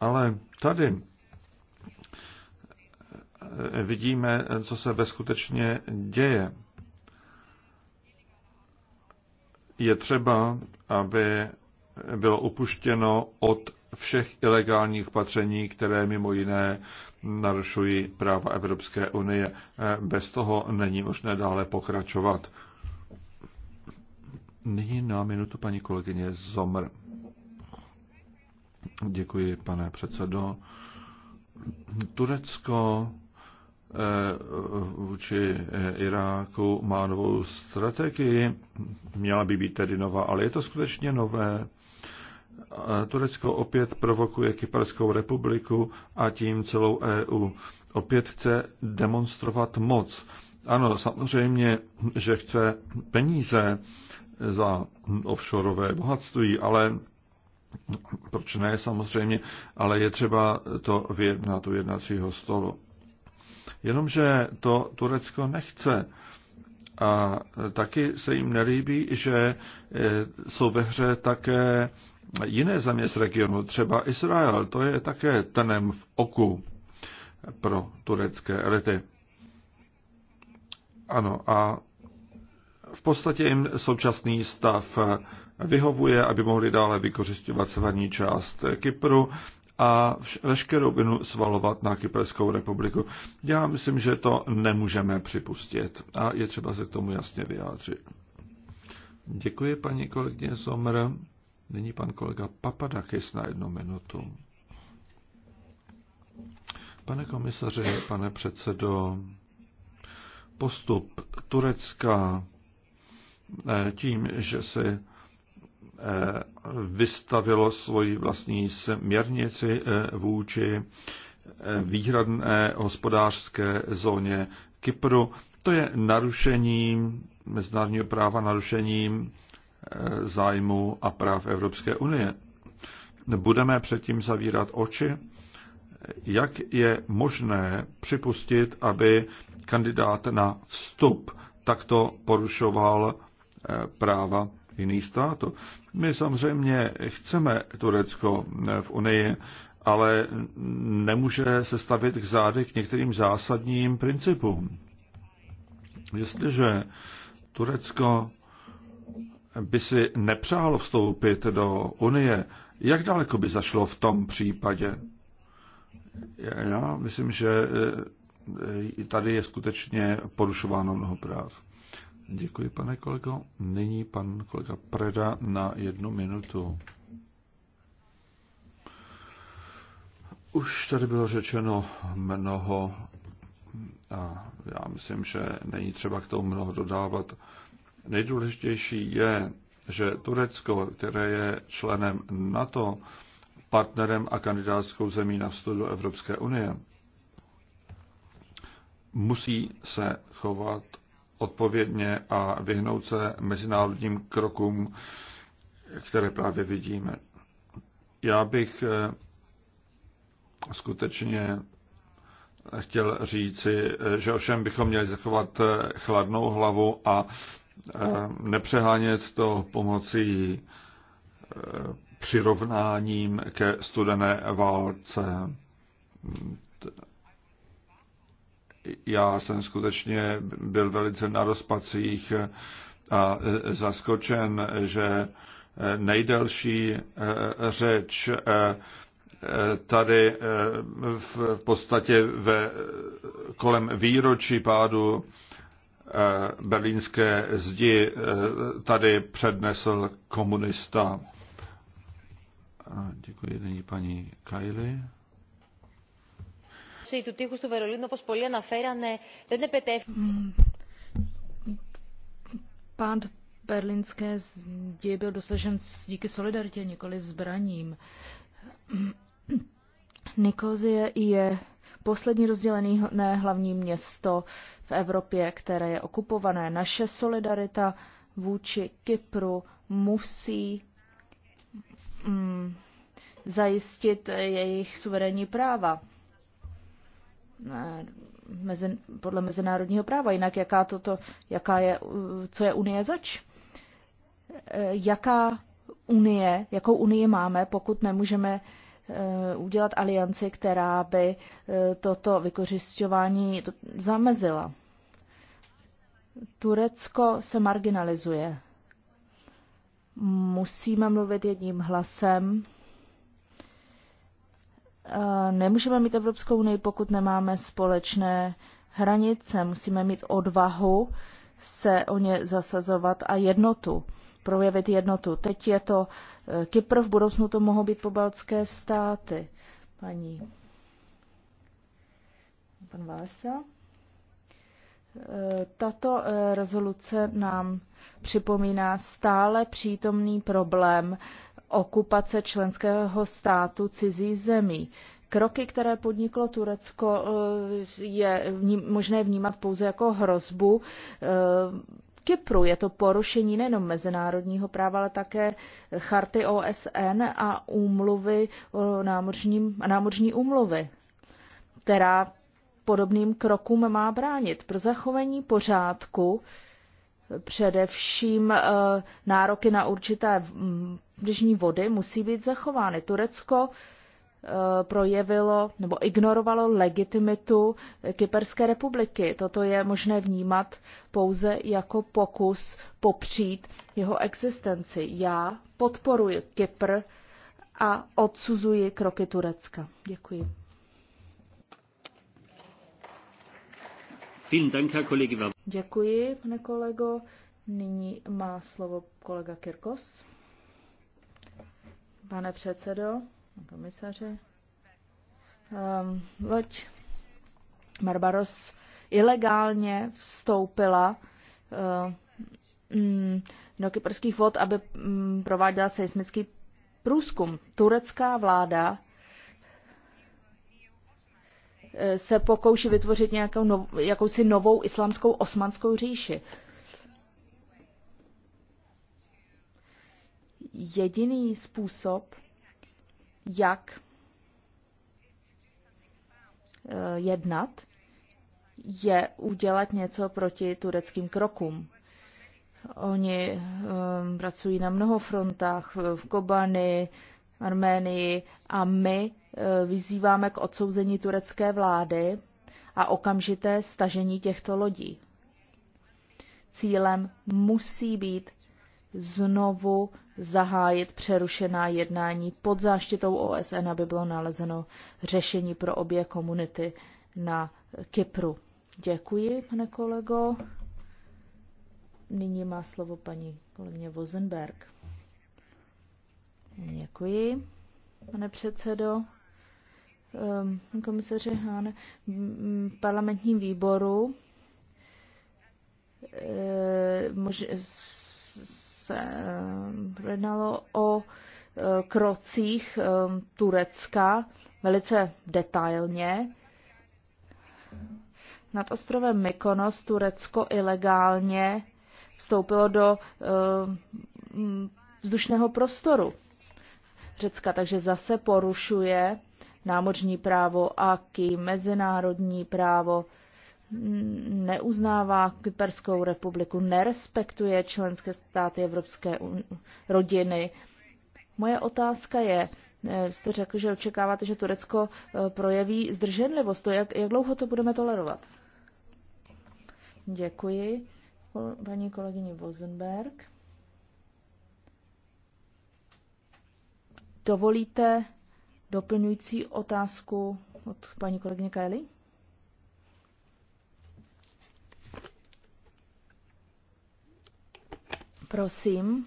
Ale tady eh, vidíme, co se skutečně děje. Je třeba, aby bylo upuštěno od všech ilegálních opatření, které mimo jiné narušují práva Evropské unie. Bez toho není možné dále pokračovat. Nyní na minutu paní kolegyně Zomr. Děkuji, pane předsedo. Turecko eh, vůči Iráku má novou strategii, měla by být tedy nová, ale je to skutečně nové. Turecko opět provokuje Kyperskou republiku a tím celou EU. Opět chce demonstrovat moc. Ano, samozřejmě, že chce peníze za offshoreové bohatství, ale proč ne samozřejmě, ale je třeba to vyjednat u jednacího stolu. Jenomže to Turecko nechce. A taky se jim nelíbí, že jsou ve hře také jiné země z regionu, třeba Izrael, to je také tenem v oku pro turecké elity. Ano, a v podstatě jim současný stav vyhovuje, aby mohli dále vykořišťovat severní část Kypru a veškerou vinu svalovat na Kyperskou republiku. Já myslím, že to nemůžeme připustit a je třeba se k tomu jasně vyjádřit. Děkuji paní kolegyně Somer. Nyní pan kolega Papadakis na jednu minutu. Pane komisaři, pane předsedo, postup Turecka eh, tím, že se eh, vystavilo svoji vlastní směrnici eh, vůči výhradné hospodářské zóně Kypru. To je narušením mezinárodního práva, narušením zájmu a práv Evropské unie. Budeme předtím zavírat oči, jak je možné připustit, aby kandidát na vstup takto porušoval eh, práva jiných států. My samozřejmě chceme Turecko eh, v Unii, ale nemůže se stavit k zády k některým zásadním principům. Jestliže Turecko by si nepřál vstoupit do Unie, jak daleko by zašlo v tom případě? Já myslím, že e, e, tady je skutečně porušováno mnoho práv. Děkuji, pane kolego. Nyní pan kolega Preda na jednu minutu. Už tady bylo řečeno mnoho a já myslím, že není třeba k tomu mnoho dodávat. Nejdůležitější je, že Turecko, které je členem NATO, partnerem a kandidátskou zemí na vstup do Evropské unie, musí se chovat odpovědně a vyhnout se mezinárodním krokům, které právě vidíme. Já bych eh, skutečně chtěl říci, eh, že ovšem bychom měli zachovat eh, chladnou hlavu a nepřehánět to pomocí e, přirovnáním ke studené válce. Já jsem skutečně byl velice na rozpacích a zaskočen, že nejdelší e, řeč e, tady v podstatě ve, kolem výročí pádu Eh, berlínské zdi eh, tady přednesl komunista. Eh, děkuji, není paní Kajli. του mm, Pád berlínské zdi byl dosažen díky solidaritě, nikoli zbraním. Hm, Nikozie je poslední rozdělené hlavní město v Evropě, které je okupované. Naše solidarita vůči Kypru musí mm, zajistit jejich suverénní práva e, mezi, podle mezinárodního práva. Jinak jaká, toto, jaká je, co je Unie zač? E, jaká Unie, jakou Unii máme, pokud nemůžeme Eh, udělat alianci, která by eh, toto vykořišťování zamezila. Turecko se marginalizuje. Musíme mluvit jedním hlasem. Eh, nemůžeme mít Evropskou unii, pokud nemáme společné hranice. Musíme mít odvahu se o ně zasazovat a jednotu projevit jednotu. Teď je to eh, Kypr, v budoucnu to mohou být pobaltské státy. Paní. Pan Valesa. Eh, tato eh, rezoluce nám připomíná stále přítomný problém okupace členského státu cizí zemí. Kroky, které podniklo Turecko, je možné vnímat pouze jako hrozbu Kypru. Je to porušení nejenom mezinárodního práva, ale také charty OSN a úmluvy o námořním, námořní úmluvy, která podobným krokům má bránit. Pro zachovení pořádku především eh, nároky na určité mm, břežní vody musí být zachovány. Turecko Eh, projevilo nebo ignorovalo legitimitu Kyperské republiky. Toto je možné vnímat pouze jako pokus popřít jeho existenci. Já podporuji Kypr a odsuzuji kroky Turecka. Děkuji. Děkuji, pane kolego. Nyní má slovo kolega Kirkos. Pane předsedo, komisaře. Um, loď Barbaros ilegálně vstoupila uh, um, do kyperských vod, aby um, prováděla seismický průzkum. Turecká vláda eh, se pokouší vytvořit nějakou nov, jakousi novou islámskou osmanskou říši. Jediný způsob, jak eh, jednat, je udělat něco proti tureckým krokům. Oni um, pracují na mnoho frontách, v Kobani, Arménii a my uh, vyzýváme k odsouzení turecké vlády a okamžité stažení těchto lodí. Cílem musí být znovu zahájit přerušená jednání pod záštitou OSN, aby bylo nalezeno řešení pro obě komunity na Kypru. Děkuji, pane kolego. Nyní má slovo paní kolegyně Vozenberg. Děkuji, pane předsedo. Ehm, Komisaře Hán, parlamentním výboru e, se eh, projednalo o eh, krocích eh, Turecka velice detailně. Nad ostrovem Mykonos Turecko ilegálně vstoupilo do vzdušného prostoru Řecka, takže zase porušuje námořní právo, aký mezinárodní právo, neuznává Kyperskou republiku, nerespektuje členské státy Evropské rodiny. Moje otázka je, e, jste řekl, že očekáváte, že Turecko e, projeví zdrženlivost. To jak, jak dlouho to budeme tolerovat? Děkuji paní kolegyni Vozenberg. Dovolíte doplňující otázku od paní kolegyně Kelly? Prosím.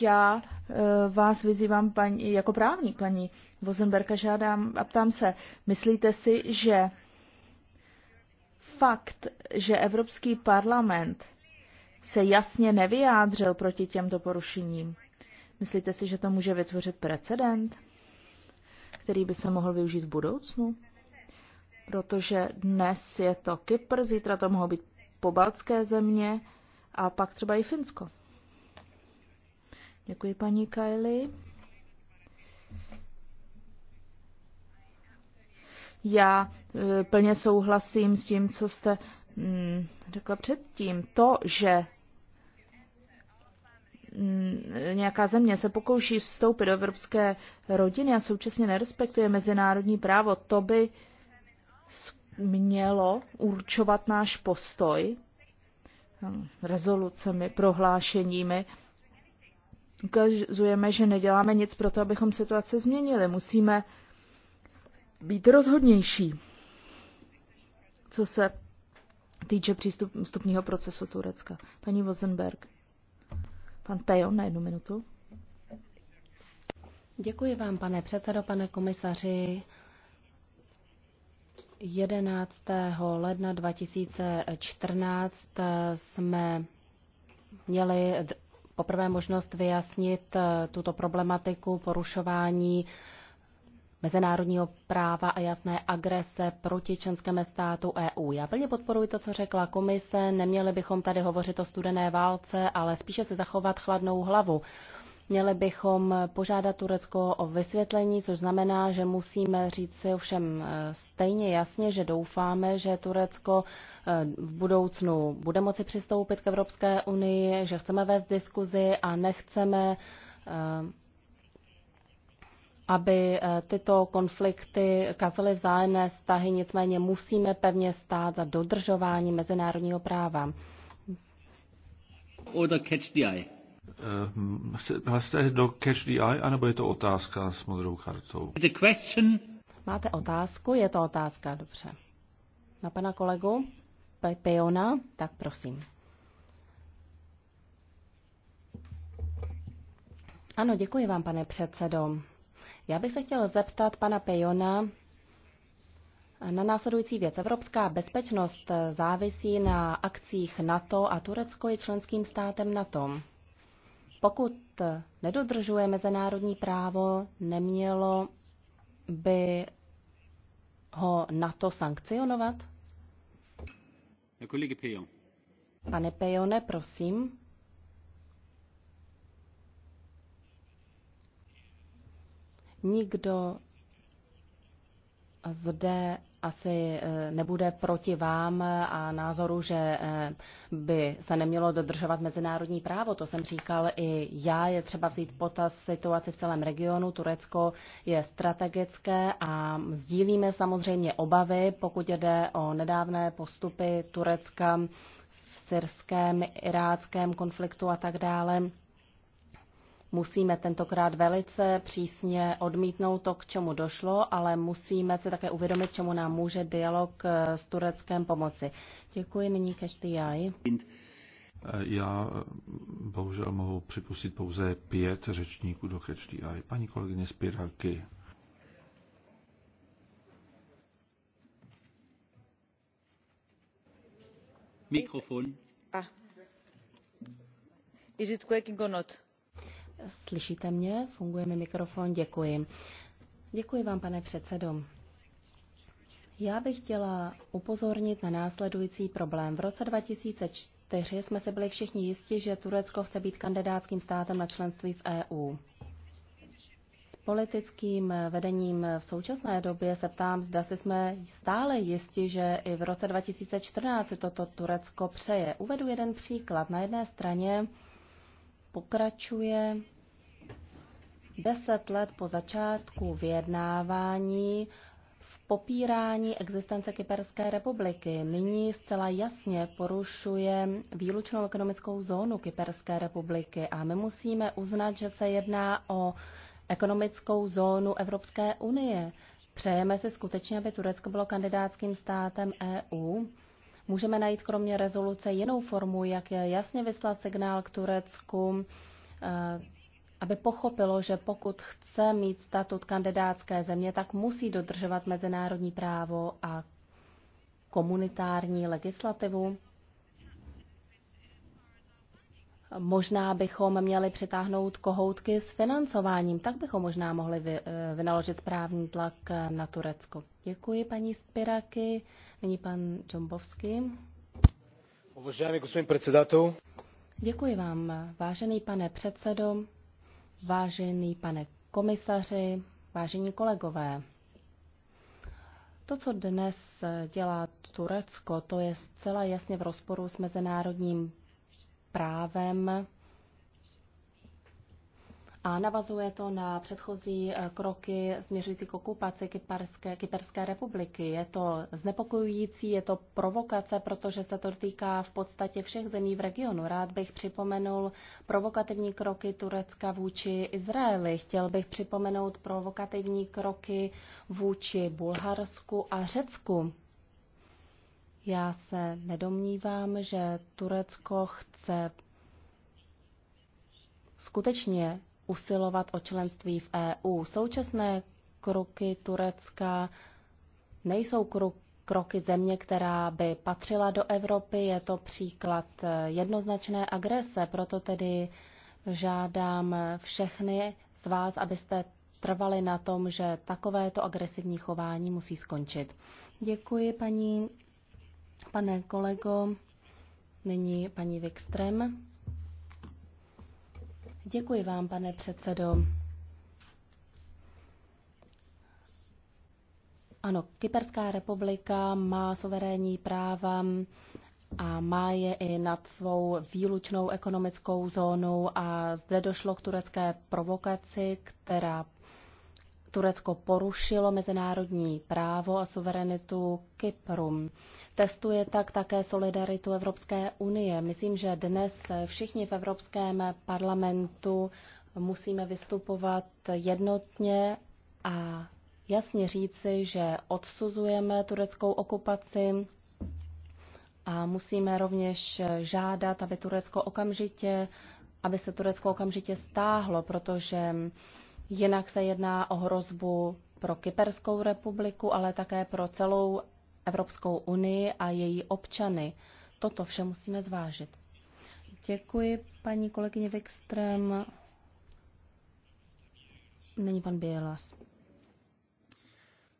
Já eh, vás vyzývám paní, jako právník, paní Vozenberka, žádám a ptám se, myslíte si, že fakt, že Evropský parlament se jasně nevyjádřil proti těmto porušením, myslíte si, že to může vytvořit precedent, který by se mohl využít v budoucnu? Protože dnes je to Kypr, zítra to mohou být pobaltské země a pak třeba i Finsko. Děkuji paní Kylie. Já e, plně souhlasím s tím, co jste mm, řekla předtím. To, že mm, nějaká země se pokouší vstoupit do evropské rodiny a současně nerespektuje mezinárodní právo, to by mělo určovat náš postoj eh, rezolucemi, prohlášeními. Ukazujeme, že neděláme nic pro to, abychom situaci změnili. Musíme být rozhodnější, co se týče přístupního procesu Turecka. Paní Vozenberg. Pan Pejon na jednu minutu. Děkuji vám, pane předsedo, pane komisaři. 11. ledna 2014 jsme měli poprvé možnost vyjasnit e, tuto problematiku porušování mezinárodního práva a jasné agrese proti členskému státu EU. Já plně podporuji to, co řekla komise. Neměli bychom tady hovořit o studené válce, ale spíše se zachovat chladnou hlavu. Měli bychom požádat Turecko o vysvětlení, což znamená, že musíme říct si ovšem eh, stejně jasně, že doufáme, že Turecko eh, v budoucnu bude moci přistoupit k Evropské unii, že chceme vést diskuzi a nechceme eh, aby tyto konflikty kazily vzájemné vztahy, nicméně musíme pevně stát za dodržování mezinárodního práva. the catch the eye. Eh, hm, hlasíte do Catch the Eye, anebo je to otázka s modrou kartou? The question... Máte otázku? Je to otázka, dobře. Na pana kolegu Pejona, tak prosím. Ano, děkuji vám, pane předsedo. Já bych se chtěl zeptat pana Pejona na následující věc. Evropská bezpečnost eh, závisí na akcích NATO a Turecko je členským státem NATO. Pokud nedodržuje mezinárodní právo, nemělo by ho na to sankcionovat? Pejo. Pane Pejone, prosím. Nikdo zde asi eh, nebude proti vám a názoru, že eh, by se nemělo dodržovat mezinárodní právo. To jsem říkal i já. Je třeba vzít potaz situaci v celém regionu. Turecko je strategické a sdílíme samozřejmě obavy, pokud jde o nedávné postupy Turecka v syrském, iráckém konfliktu a tak dále musíme tentokrát velice přísně odmítnout to, k čemu došlo, ale musíme se také uvědomit, čemu nám může dialog eh, s Tureckem pomoci. Děkuji nyní každý jaj. Já eh, bohužel mohu připustit pouze pět řečníků do Catch a Paní kolegyně Spiralky. Mikrofon. Ah. Is it working or not? Slyšíte mě? Funguje mi mikrofon? Děkuji. Děkuji vám, pane předsedo. Já bych chtěla upozornit na následující problém. V roce 2004 jsme se byli všichni jisti, že Turecko chce být kandidátským státem na členství v EU. S politickým vedením v současné době se ptám, zda si jsme stále jisti, že i v roce 2014 toto Turecko přeje. Uvedu jeden příklad. Na jedné straně pokračuje. Deset let po začátku vyjednávání v popírání existence Kyperské republiky nyní zcela jasně porušuje výlučnou ekonomickou zónu Kyperské republiky a my musíme uznat, že se jedná o ekonomickou zónu Evropské unie. Přejeme si skutečně, aby Turecko bylo kandidátským státem EU. Můžeme najít kromě rezoluce jinou formu, jak jasně vyslat signál k Turecku, eh, aby pochopilo, že pokud chce mít statut kandidátské země, tak musí dodržovat mezinárodní právo a komunitární legislativu. Možná bychom měli přitáhnout kohoutky s financováním, tak bychom možná mohli vy, eh, vynaložit správný tlak eh, na Turecko. Děkuji paní Spiraky. Nyní pan Džombovský. Děkuji vám, vážený pane předsedo, vážený pane komisaři, vážení kolegové. To, co dnes eh, dělá Turecko, to je zcela jasně v rozporu s mezinárodním právem a navazuje to na předchozí eh, kroky směřující k okupaci Kyperské, Kyperské republiky. Je to znepokojující, je to provokace, protože se to týká v podstatě všech zemí v regionu. Rád bych připomenul provokativní kroky Turecka vůči Izraeli. Chtěl bych připomenout provokativní kroky vůči Bulharsku a Řecku. Já se nedomnívám, že Turecko chce skutečně usilovat o členství v EU. Současné kroky Turecka nejsou kroky země, která by patřila do Evropy. Je to příklad jednoznačné agrese, proto tedy žádám všechny z vás, abyste trvali na tom, že takovéto agresivní chování musí skončit. Děkuji paní Pane kolego, nyní paní Wikström. Děkuji vám, pane předsedo. Ano, Kyperská republika má suverénní práva a má je i nad svou výlučnou ekonomickou zónou a zde došlo k turecké provokaci, která Turecko porušilo mezinárodní právo a suverenitu Kypru. Testuje tak také solidaritu Evropské unie. Myslím, že dnes všichni v Evropském parlamentu musíme vystupovat jednotně a jasně říci, že odsuzujeme tureckou okupaci a musíme rovněž žádat, aby Turecko okamžitě, aby se Turecko okamžitě stáhlo, protože Jinak se jedná o hrozbu pro Kyperskou republiku, ale také pro celou Evropskou unii a její občany. Toto vše musíme zvážit. Děkuji paní kolegyně Wikström. Není pan Bielas.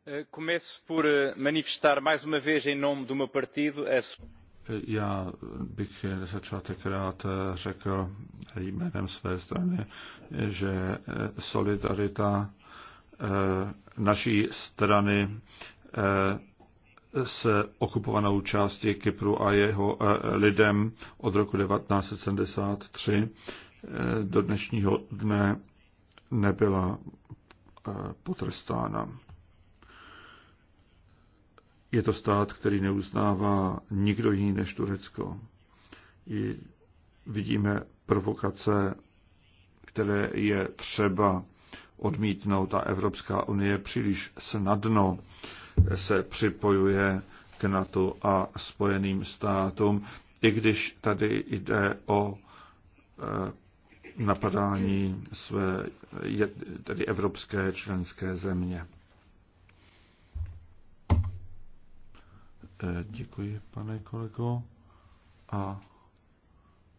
Eh, começo por eh, manifestar mais uma vez em nome do meu partido a já bych na začátek rád eh, řekl jménem své strany, že eh, solidarita eh, naší strany s okupovanou částí Kypru a jeho lidem od roku 1973 do dnešního dne nebyla potrestána. Je to stát, který neuznává nikdo jiný než Turecko. I vidíme provokace, které je třeba odmítnout a Evropská unie příliš snadno se připojuje k NATO a Spojeným státům, i když tady jde o eh, napadání své, tedy evropské členské země. Eh, děkuji, pane kolego. A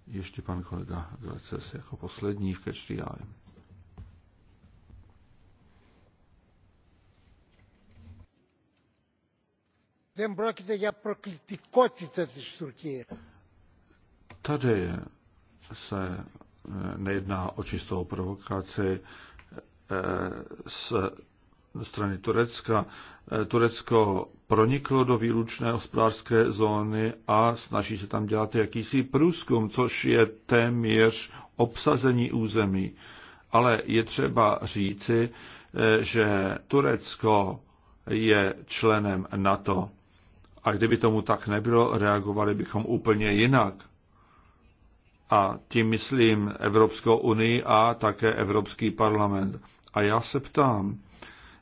ještě pan kolega Gleces jako poslední v Catch Δεν Tady se eh, nejedná o čistou provokaci. Eh, s strany Turecka. Eh, Turecko proniklo do výlučné hospodářské zóny a snaží se tam dělat jakýsi průzkum, což je téměř obsazení území. Ale je třeba říci, eh, že Turecko je členem NATO. A kdyby tomu tak nebylo, reagovali bychom úplně jinak. A tím myslím Evropskou unii a také Evropský parlament. A já se ptám,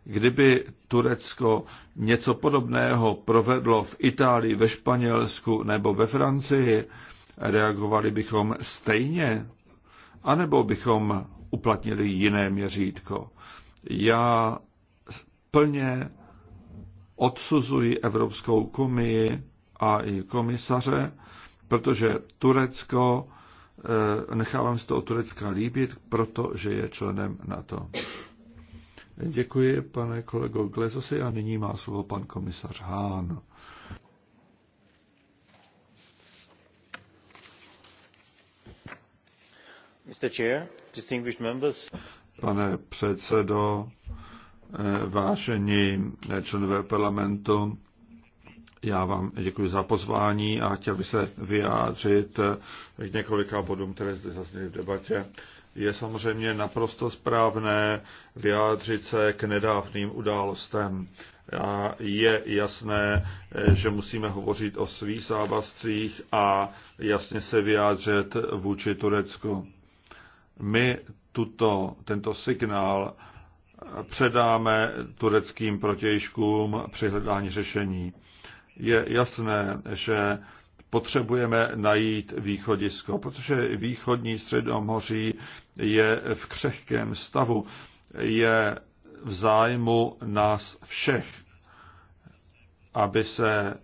Kdyby Turecko něco podobného provedlo v Itálii, ve Španělsku nebo ve Francii, reagovali bychom stejně, anebo bychom uplatnili jiné měřítko. Já plně odsuzuji Evropskou komii a i komisaře, protože Turecko, eh, nechávám se to od Turecka líbit, protože je členem NATO. Děkuji, pane kolego Glezosi, a nyní má slovo pan komisař Hán. Mr. Chair, distinguished members. Pane předsedo, eh, vážení členové parlamentu, já vám děkuji za pozvání a chtěl bych se vyjádřit k několika bodům, které zde zazněly v debatě je samozřejmě naprosto správné vyjádřit se k nedávným událostem. A je jasné, že musíme hovořit o svých závazcích a jasně se vyjádřit vůči Turecku. My tuto, tento signál předáme tureckým protějškům při hledání řešení. Je jasné, že potřebujeme najít východisko, protože východní středomoří je v křehkém stavu, je v zájmu nás všech, aby se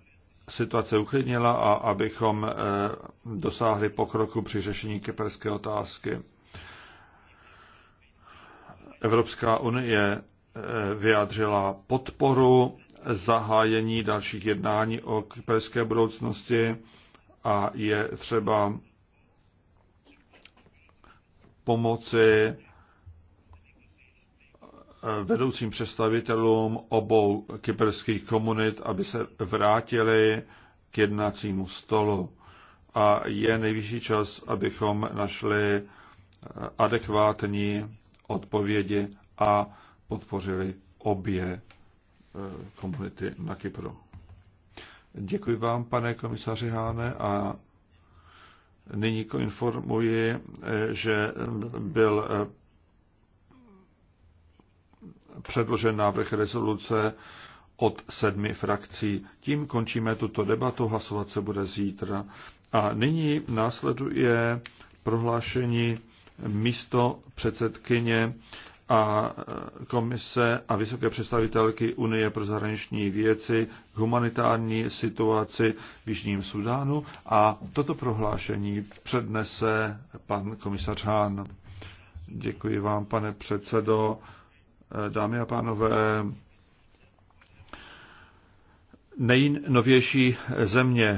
situace uklidnila a abychom eh, dosáhli pokroku při řešení kyperské otázky. Evropská unie eh, vyjádřila podporu zahájení dalších jednání o kyperské budoucnosti a je třeba pomoci eh, vedoucím představitelům obou kyperských komunit, aby se vrátili k jednacímu stolu. A je nejvyšší čas, abychom našli eh, adekvátní odpovědi a podpořili obě eh, komunity na Kypru. Děkuji vám, pane komisaři Háne, a nyní informuji, že byl eh, předložen návrh rezoluce od sedmi frakcí. Tím končíme tuto debatu, hlasovat se bude zítra. A nyní následuje prohlášení místo předsedkyně a e, komise a vysoké představitelky Unie pro zahraniční věci k humanitární situaci v Jižním Sudánu a toto prohlášení přednese pan komisař Hán. Děkuji vám, pane předsedo. E, dámy a pánové, nejnovější země